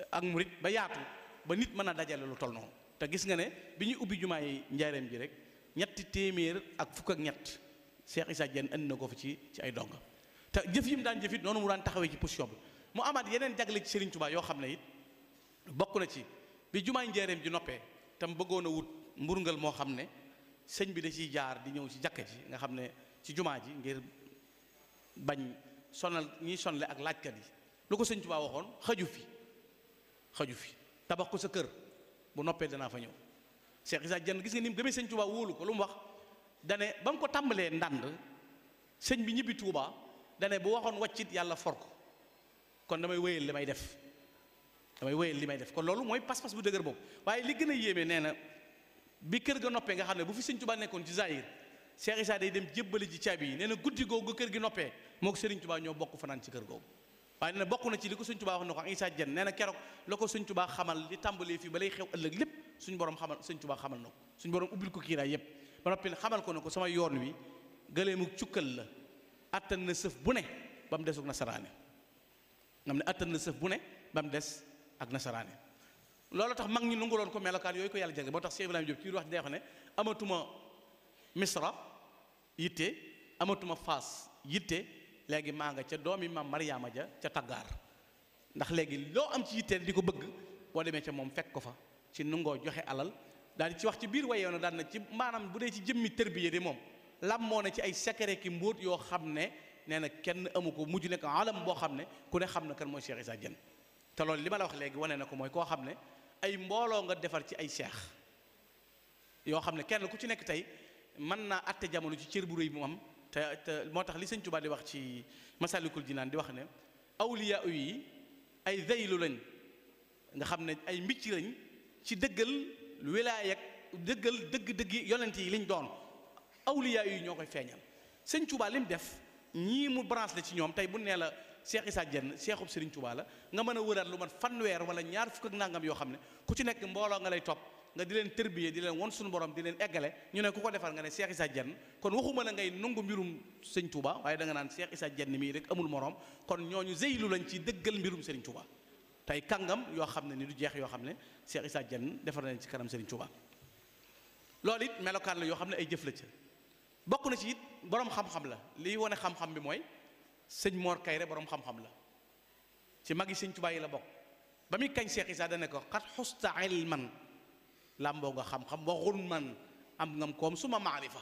euh, ak murit ba yaatu ba nit mën a dajale lu tol noonu te gis nga ne bi ñuy ubbi jumaa yi njaareem ji rek ñetti téeméer ak fukk ak ñett Cheikh Issa Diène indi na ko fi ci ci ay dong te jëf yi mu daan jëf noonu mu daan taxawee ci position bi mu amaat yeneen jagle ci Serigne yoo xam ne it. bokk na ci bi jumaay njaareem ji noppee tam bëggoon a wut mburngal moo xam ne sëñ bi da ciy jaar di ñëw ci jàkka ji nga xam ne ci jumaa ji ngir bañ sonal ñiy sonle ak laajkat yi lu ko sëñ Tuubaa waxoon xaju fi xaju fi tabax ko sa kër bu noppee danaa fa ñëw Cheikh Issa Dieng gis nga ni mu gëmee sëñ Tuubaa wóolu ko lu mu wax dane ba mu ko tàmbalee ndànd sëñ bi ñibbi Tuubaa dane bu waxoon waccit yàlla for ko kon damay wéyal li may def damay wéyal li may def kon loolu mooy pas-pas bu dëgër boobu waaye li gën a yéeme nee bi kër ga noppee nga xam ne bu fi Sëriñ Tuubaa nekkoon ci Zahir Cheikh Issa day dem jébbali ji caabi yi nee na guddi googu kër gi noppee moo ko Sëriñ Tuubaa ñoo bokk fanaan ci kër googu waaye nee na bokk na ci li ko Sëriñ Tuubaa wax na ko ak nee na keroog ko Sëriñ Tuubaa xamal li tàmbalee fii ba xew ëllëg lépp suñu borom xamal Sëriñ Tuubaa xamal na ko suñu borom ubbil ko kiiraay yépp ba noppi xamal ko ne ko sama yoon wi gëleemu cukkal la attan na sëf bu ne ba mu desug nasaraane ngam ne àttan na sëf bu ne ba mu des ak nasaraane looloo tax mag ñi nanguloon ko melokaan yooyu ko yàlla jàng boo tax Cheikh Ibrahima Diop ci wax day wax ne amatuma misra yitte amatuma fas yitte léegi maa nga ca doomi maam Mariama ja ca taggaar ndax léegi loo am ci yitte di ko bëgg boo demee ca moom fekk ko fa ci nungoo joxe alal daal di ci wax ci biir wayoon na daal na ci maanaam bu dee ci jëmmi tërbiye de moom lam moo ne ci ay secret ki mbóot yoo xam ne nee na kenn amu ko mujj nekk alam boo xam ne ku ne xam na kan mooy Cheikh Issa Diène te loolu li ma la wax léegi wane na ko mooy koo xam ne ay mbooloo nga defar ci ay seex yoo xam ne kenn ku ci nekk tey mën naa atte jamono ci cër bu réy mu am te te moo tax li sëñ Tuubaa di wax ci Masalikul Jinaan di wax ne awliyaa yi ay zeylu lañ nga xam ne ay mbicc lañ ci dëggal wilaaya ak dëggal dëgg-dëgg yonent yi liñ doon awliyaa yi ñoo koy feeñal sëñ Tuubaa li mu def ñii mu branche la ci ñoom tey bu nee la Cheikh Issa jenn Cheikhub Serigne Touba la nga mën a wëraat lu mat fanweer wala ñaar fukk ak nangam yoo xam ne ku ci nekk mbooloo nga lay topp nga di leen tërbiyee di leen won suñu borom di leen eggale ñu ne ku ko defar nga ne Cheikh sa Diène kon waxuma la ngay nungu mbirum Serigne Touba waaye da nga naan Cheikh sa jenn mii rek amul morom kon ñooñu zeylu lañ ci dëggal mbirum Serigne Touba tey kàngam yoo xam ne ni du jeex yoo xam ne Cheikh sa Diène defar nañ ci kanam Serigne Touba loolu it melokaan la yoo xam ne ay jëf la ca bokk na ci it borom xam la liy wane xam-xam bi mooy sëñ Mor Kayre boroom xam-xam la ci magi sëñ Tuubaa yi la bokk ba muy kañ Seex Isaa da ne ko xat xusta ilman làmboo nga xam-xam waxul man am ngam koom su ma maarifa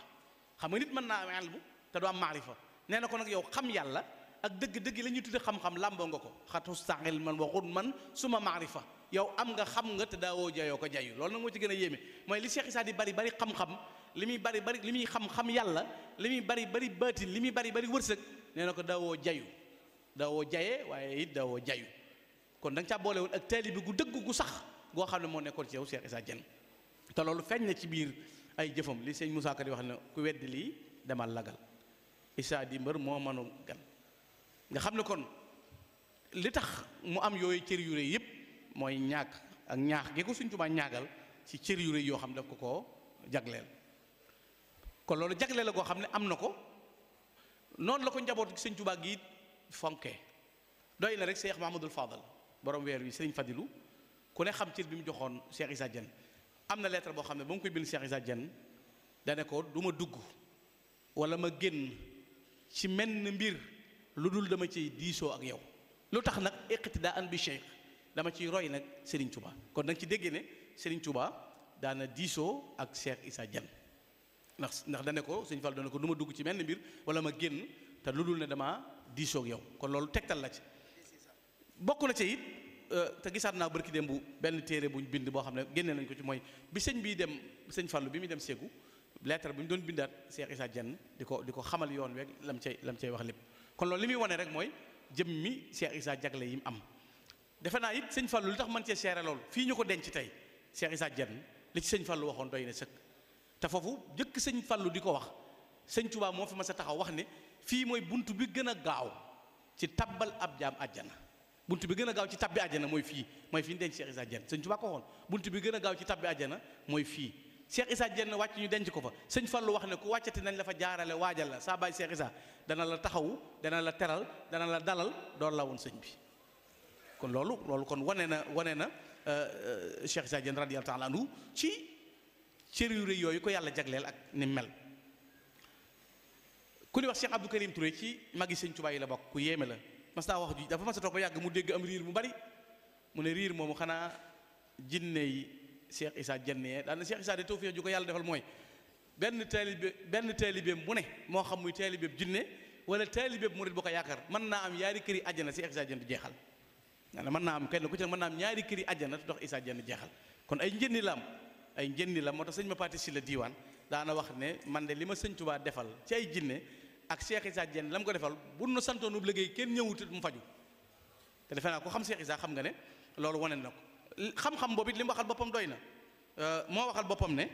xam nga nit mën naa am ilmu te du am maarifa nee na ko nag yow xam yàlla ak dëgg-dëgg la ñuy tudde xam-xam nga ko xat xusta ilman waxul man su maarifa yow am nga xam nga te daawoo jayoo ko jayu loolu nag moo ci gën a yéeme mooy li Seex Isaa di bari bari xam-xam li muy bari bari li muy xam-xam yàlla li muy bari bari baatin li muy bari bari wërsëg nee na ko dawoo jayu dawoo jaye waaye it dawoo jayu kon da ca caa boole woon ak taalibe gu dëgg gu sax goo xam ne moo nekkoon ci yow Cheikh Issa Diène te loolu feeñ na ci biir ay jëfam li sëñ Moussa Ka di wax ne ku weddi lii demal lagal Issa di mbër moo mënu gan xam ne kon li tax mu am yooyu cër yu rëy yëpp mooy ñaag ak ñaax gi ko suñ Tuubaa ñaagal ci cër yu rëy yoo xam daf ko ko jagleel kon loolu jagleel la goo xam ne am na ko noonu la ko njaboot gi sëñ Tuubaa gi fonke doy na rek seex Cheikh Mahamadul Fadal borom weer wi sëriñ Fadilu ku ne xam ci bi mu joxoon Cheikh Issa Diène am na lettre boo xam ne ba mu koy bind Cheikh Issa Diène dane ko duma dugg walla ma génn ci menn mbir lu dul dama ciy diisoo ak yow lu tax nag iqtidaan bi Cheikh dama ciy roy nag Serigne Touba kon da ci déggee ne Serigne Touba daana diisoo ak Cheikh Issa Diène ndax ndax dane ko sëñ Fall dane ko duma dugg ci benn mbir wala ma génn te lu dul ne damaa diisoo yow kon loolu tegtal la ci bokk na ci it euh, te gisaat naa barki dem bu benn téere buñ bind boo xam ne génne nañ ko ci mooy bi sëñ bii dem sëñ Fallu bi muy dem Ségou lettre bu ñu doon bindaat Cheikh Issa Dieng di ko di ko xamal yoon weeg lam cay lam cay wax lépp kon loolu li muy wane rek mooy jëm mi Cheikh Issa jagle yi mu am defe naa it sëñ Fallu li tax mën cee seere loolu fii ñu ko denc tey Cheikh Issa Dieng ci sëñ Fallu waxoon doy na te foofu jëkk sëñ Fallou di ko wax sëñ Touba moo fi mas a taxaw wax ne fii mooy bunt bi gën a gaaw ci tabbal ab jaam àjjana bunt bi gën a gaaw ci tabbi àjjana mooy fii mooy fii ñu denc Cheikh Issa Diène sëñ Touba ko waxoon bunt bi gën a gaaw ci tabbi àjjana mooy fii Cheikh Issa Diène wàcc ñu denc ko fa sëñ Fallou wax ne ku wàccati nañ la fa jaarale waajal la saa baay Cheikh Issa dana la taxawu dana la teral dana la dalal doon la woon sëñ bi kon loolu loolu kon wane na wane na euh, euh, Cheikh Issa Diène radiyallahu taala anhu ci cër yu rëy yooyu ko yàlla jagleel ak ni mel ku ni wax Cheikh Abdou Karim Touré ci magi sëñ Tuubaa yi la bokk ku yéeme la mas naa wax ju dafa mas a toog ba yàgg mu dégg am riir mu bari mu ne riir moomu xanaa jinne yi Cheikh Issa jennee daan na Cheikh Issa de tawfiix ju ko yàlla defal mooy benn taalibe benn taalibeem bu ne moo xam muy taalibeeb jinne wala taalibeeb murit bu ko yaakaar mën naa am yaari këri àjjana Cheikh Issa Diène di jeexal mën naa am kenn ku ci ne mën naa am ñaari këri àjjana dox Issa Diène jeexal kon ay njëndi la ay njënni la moo tax sëñ ma paati si la diiwaan daana wax ne man de li ma sëñ Tuubaa defal ci ay jinne ak Cheikh Issa Dieng la mu ko defal bu nu santoonub liggéey kenn ñëwut mu faju te defe naa ko xam Cheikh Issa xam nga ne loolu wane na ko xam-xam boobu li waxal boppam doy na euh, moo waxal boppam ne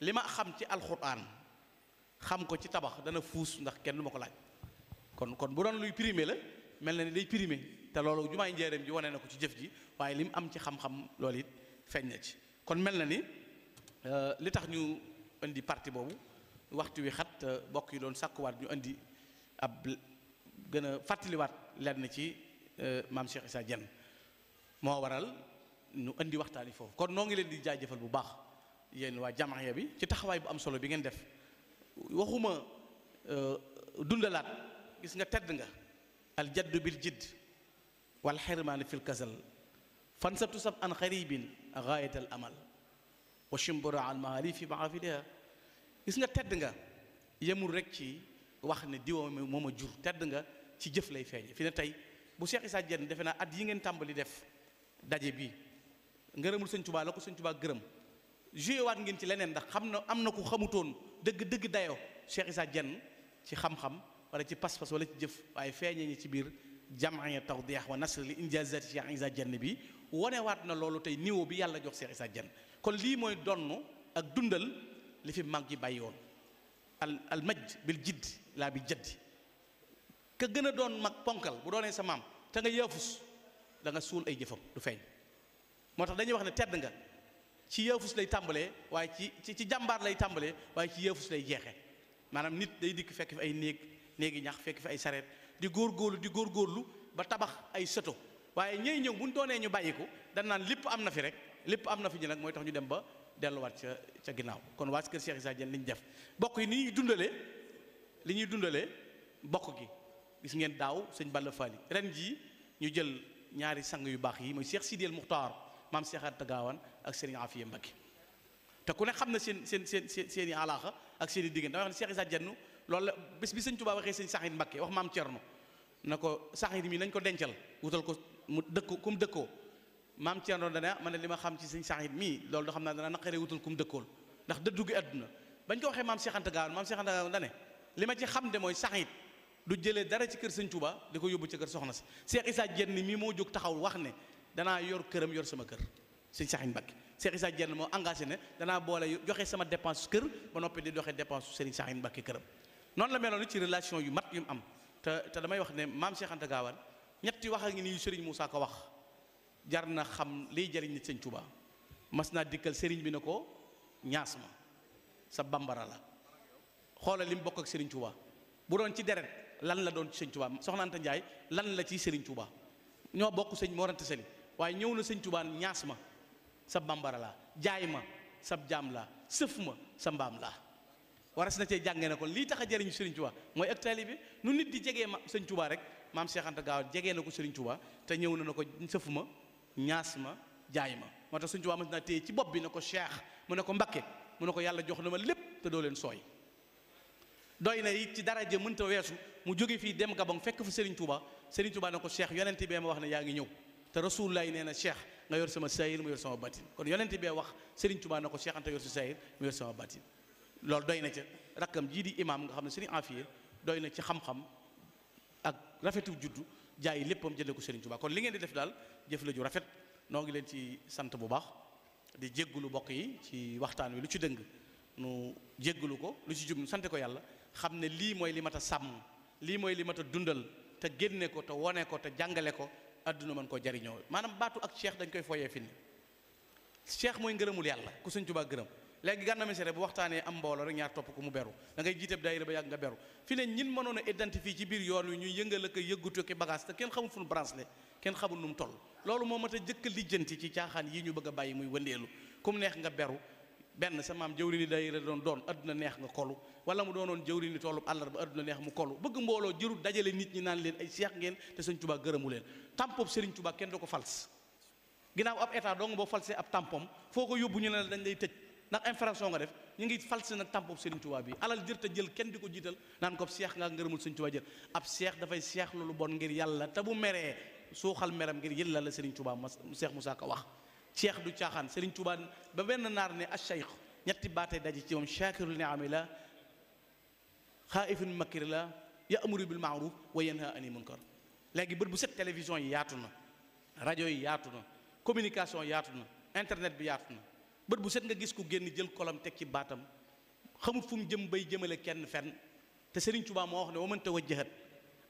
li ma xam ci alxuraan xam ko ci tabax dana fuus ndax kenn du ko laaj kon kon bu doon luy primé la mel na ne day primé te loolu jumaay njaareem ji wane na ko ci jëf ji waaye li mu am ci xam-xam loolu it feeñ na ci kon mel na ni euh, li tax ñu indi parti boobu waxtu wi xat euh, bokk yi doon sàkkuwaat ñu indi ab gën a fàttaliwaat na ci euh, maam Cheikh Issa Diène moo waral ñu indi waxtaan yi foofu kon noo ngi leen di jaajëfal bu baax yéen waa jamaaya bi ci taxawaay bu am solo bi ngeen def waxuma dundalaat gis nga tedd nga al jaddu bil jidd wal xirmaani fil kasal fansatu sab an xaribin gaayatal amal wa shimbura al maali fi maafiliha gis nga tedd nga yemul rek ci wax ne diwa moom a jur tedd nga ci jëf lay feeñe fi ne tey bu Cheikh Issa Diène defe naa at yi ngeen tàmbali def daje bi ngërëmul sëñ Tuubaa la ko sëñ Tuubaa gërëm joué waat ngeen ci leneen ndax xam na am na ku xamutoon dëgg dëgg dayo Cheikh Issa Diène ci xam-xam wala ci pas-pas wala ci jëf waaye feeñee ñi ci biir jamaaya tawdiix wa nasr li injaazaati Cheikh Issa Diène bi wonewaat na loolu tey niveau bi yàlla jox Cheikh Issa Diène kon lii mooy donn ak dundal li fi mag yi bàyyi woon al al majd bil jidd laa bi jaddi ka gën a doon mag ponkal bu doonee sa maam te nga yaafus danga nga suul ay jëfam du feeñ moo tax dañuy wax ne tedd nga ci yaafus lay tàmbalee waaye ci ci jàmbaar lay tàmbalee waaye ci yaafus lay jeexe maanaam nit day dikk fekk fi ay néeg néegi ñax fekk fi ay sareet di góorgóorlu di góor góorlu ba tabax ay sëto waaye ñëy ñëw bu ñu doonee ñu bàyyiku dañ naan lépp am na fi rek lépp am na fi ñu nag mooy tax ñu dem ba delluwaat ca ca ginnaaw kon waa kër Cheikh Issa Diène li def bokk yi ni ñuy li ñuy dundalee bokk gi gis ngeen daaw sëñ Balla ren jii ñu jël ñaari sang yu baax yi mooy Cheikh Sidi El Moukhtar maam Cheikh Anta Gawane ak sëriñ Afiya Mbacké te ku ne xam na seen seen seen seen seen ak seen i diggante damay wax ne Cheikh bés bi sëñ Tuubaa waxee sëñ Saxin Mbacké wax maam Cerno na ko Saxin mi nañ ko dencal wutal ko mu dëkk kum dëkkoo maam Thierno dana ma ne li ma xam ci sëñ Saxiit mii loolu doo xam naa dana naqaree wutul kum dëkkool ndax dëddu gi àdduna bañ ko waxee maam Cheikh Anta Gaawaan maam Cheikh Anta Gaawaan dane li ma ci xam de mooy Saxiit du jëlee dara ci kër sëñ Touba di ko yóbbu ci kër soxna si Cheikh Issa Diène mii moo jóg taxaw wax ne danaa yor këram yor sama kër sëñ Saxiit Mbakke Cheikh Issa Diène moo engagé ne danaa boole joxe sama dépense kër ba noppi di joxe dépense Serigne Saxiit Mbakke këram noonu la meloon ci relation yu mat yu mu am te te damay wax ne maam Cheikh Gaawaan ñetti wax a ngi nii Serigne Moussa ko wax jar na xam liy jariñ nit sëñ Touba mas naa dikkal sëriñ bi ne ko ñaas ma sa bambara la xoolal li mu bokk ak Serigne Touba bu doon ci deret lan la doon ci sëñ Touba soxna lan la ci Serigne Touba ñoo bokk sëñ moo rante seli waaye ñëw na sëñ Touba ñaas ma sa bambara la jaay ma sab jaam la sëf ma sa mbaam la waras na cee jàngee ne ko lii tax a jariñ sëriñ Touba mooy ak taalibe nu nit di jegee ma sëñ Touba rek. maam Cheikh Anta Gaaw jegee na ko Serigne Touba te ñëw na na ko sëfu ma ñaas ma jaay ma moo tax Serigne Touba mës naa ci bopp bi na ko Cheikh mu ne ko Mbakke mu ne ko yàlla jox na ma lépp te doo leen sooy doy na it ci daraje mënta weesu mu jóge fii dem Gabon fekk fi Serigne Touba Serigne Touba na ko Cheikh yonent bee ma wax ne yaa ngi ñëw te rasulullaay nee na Cheikh nga yor sama sayir mu yor sama batin kon yonent bee na ko Cheikh Anta yor si sayir mu yor sama batin loolu doy na ca rakkam jii di imaam nga xam ne Serigne Afiyé doy na ci xam-xam ak rafetu juddu jaay léppam jëlee ko Serigne juba kon li ngeen di def daal jëf la ju rafet noo ngi leen ci sant bu baax di jéggulu bokk yi ci waxtaan wi lu ci dëng nu jéggulu ko lu ci jub nu sante ko yàlla xam ne lii mooy li mat a sàmm lii mooy li mat a dundal te génne ko te wone ko te jàngale ko adduna mën koo jariñoo maanaam baatu ak cheikh dañ koy foyee fi ni cheikh mooy ngërëmul yàlla ku Serigne Touba gërëm léegi Gana Messere bu waxtaanee am mbooloo rek ñaar topp ko mu beru da ngay jiiteb daayira ba yàgg nga beru fi ñin mënoon a identifier ci biir yoon wi ñuy yëngal ak yëggutu ki bagage te kenn xamul fu nu branchelé kenn xamul nu mu loolu moo mat a jëkk a lijjanti ci caaxaan yi ñu bëgg a bàyyi muy wëndeelu ku neex nga beru benn sa maam jëwri ni daayira doon doon adduna neex nga kolu wala mu doonoon jëwri ni tollub àllarba adduna neex mu kolu bëgg mbooloo jërul dajale nit ñi naan leen ay seex ngeen te leen tampob sëriñ Tuubaa kenn du ko fals ginnaaw ab état doo boo falsé ab tampom foo ko yóbbu ñu ne la dañ lay ndax infraction nga def ñu ngi falsi nag tàmpob Sëriñ Tuubaa bi alal jër te jël kenn di ko jiital naan ko ab seex nga ngërëmul Sëriñ Tuubaa jël ab seex dafay seex loolu bon ngir yàlla te bu meree suuxal meram ngir yëlla la Sëriñ Tuubaa ma Seex Musaa Ka wax seex du caaxaan Sëriñ Tuubaa ba benn naar ne acheikh ñetti baate daje ci moom chaakirul niami la xaaifun makir la ya'muru bil ma'ruf wa yanha anil munkar léegi bët bu set télévision yi yaatu na rajo yi yaatu na communication yaatu na internet bi yaatu na bët bu set nga gis ku génn jël kolam teg ci baatam xamut fu mu jëm bay jëmale kenn fenn te Serigne Touba moo wax ne wa man tawajjahat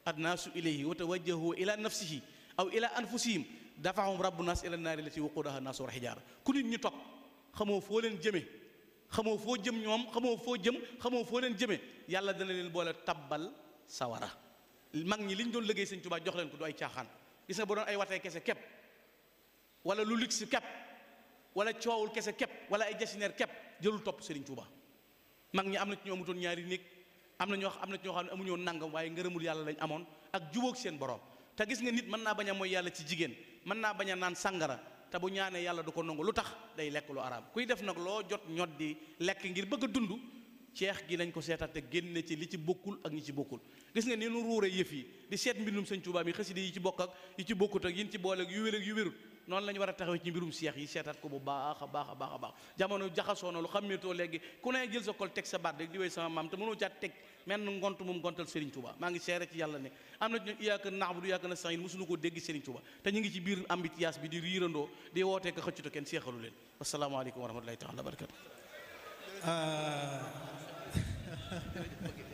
annaasu ilayhi wa tawajjahu ila nafsihi aw ila anfusihim dafahum rabbu naas ila naari lati waqudaha naasu wal hijaara ku nit ñu topp xamoo foo leen jëme xamoo foo jëm ñoom xamoo foo jëm xamoo foo leen jëme yàlla dana leen boole tabbal sawara mag ñi li doon liggéey Serigne Touba jox leen ko du ay caaxaan gis nga boo doon ay watee kese képp wala lu ligg si képp wala coowul kese képp wala ay jasineer képp jëlul topp Serigne Touba mag ñi am na ci ñoo amutoon ñaari néeg am na ñoo am na ci ñoo xam ne amuñoo nangam waaye ngërëmul yàlla lañ amoon ak jubóog seen borom te gis nga nit mën naa bañ a mooy yàlla ci jigéen mën naa bañ a naan sàngara te bu ñaanee yàlla du ko nangu lu tax day lekk lu araam kuy def nag loo jot ñot di lekk ngir bëgg a dund ceex gi nañ ko seetaat te génne ci li ci bokkul ak ñi ci bokkul gis nga ni nu ruure yëf di seet mbindum sëñ Touba mi xaside yi ci bokk yi ci bokkut ak yin ci boole yu wér ak yu noonu lañu war a taxawee ci mbirum seex yi seetaat ko bu baax a baax a baax a baax jamono jaxasoo na lu xammeetoo léegi ku ne jël sa kol teg sa baat rek di wéy sama maam te mënoo caa teg menn ngont moom gontal Serigne Touba maa ngi seere ci yàlla ne am na ñoom iyaaka naabudu iyaaka nasta'iin mosuñu ko dégg Serigne Touba te ñu ngi ci biir ambitias bi di riirandoo di wootee ko xëccuto kenn seexalu leen wasalaamaaleykum wa rahmatullahi taala wa barakatu ah.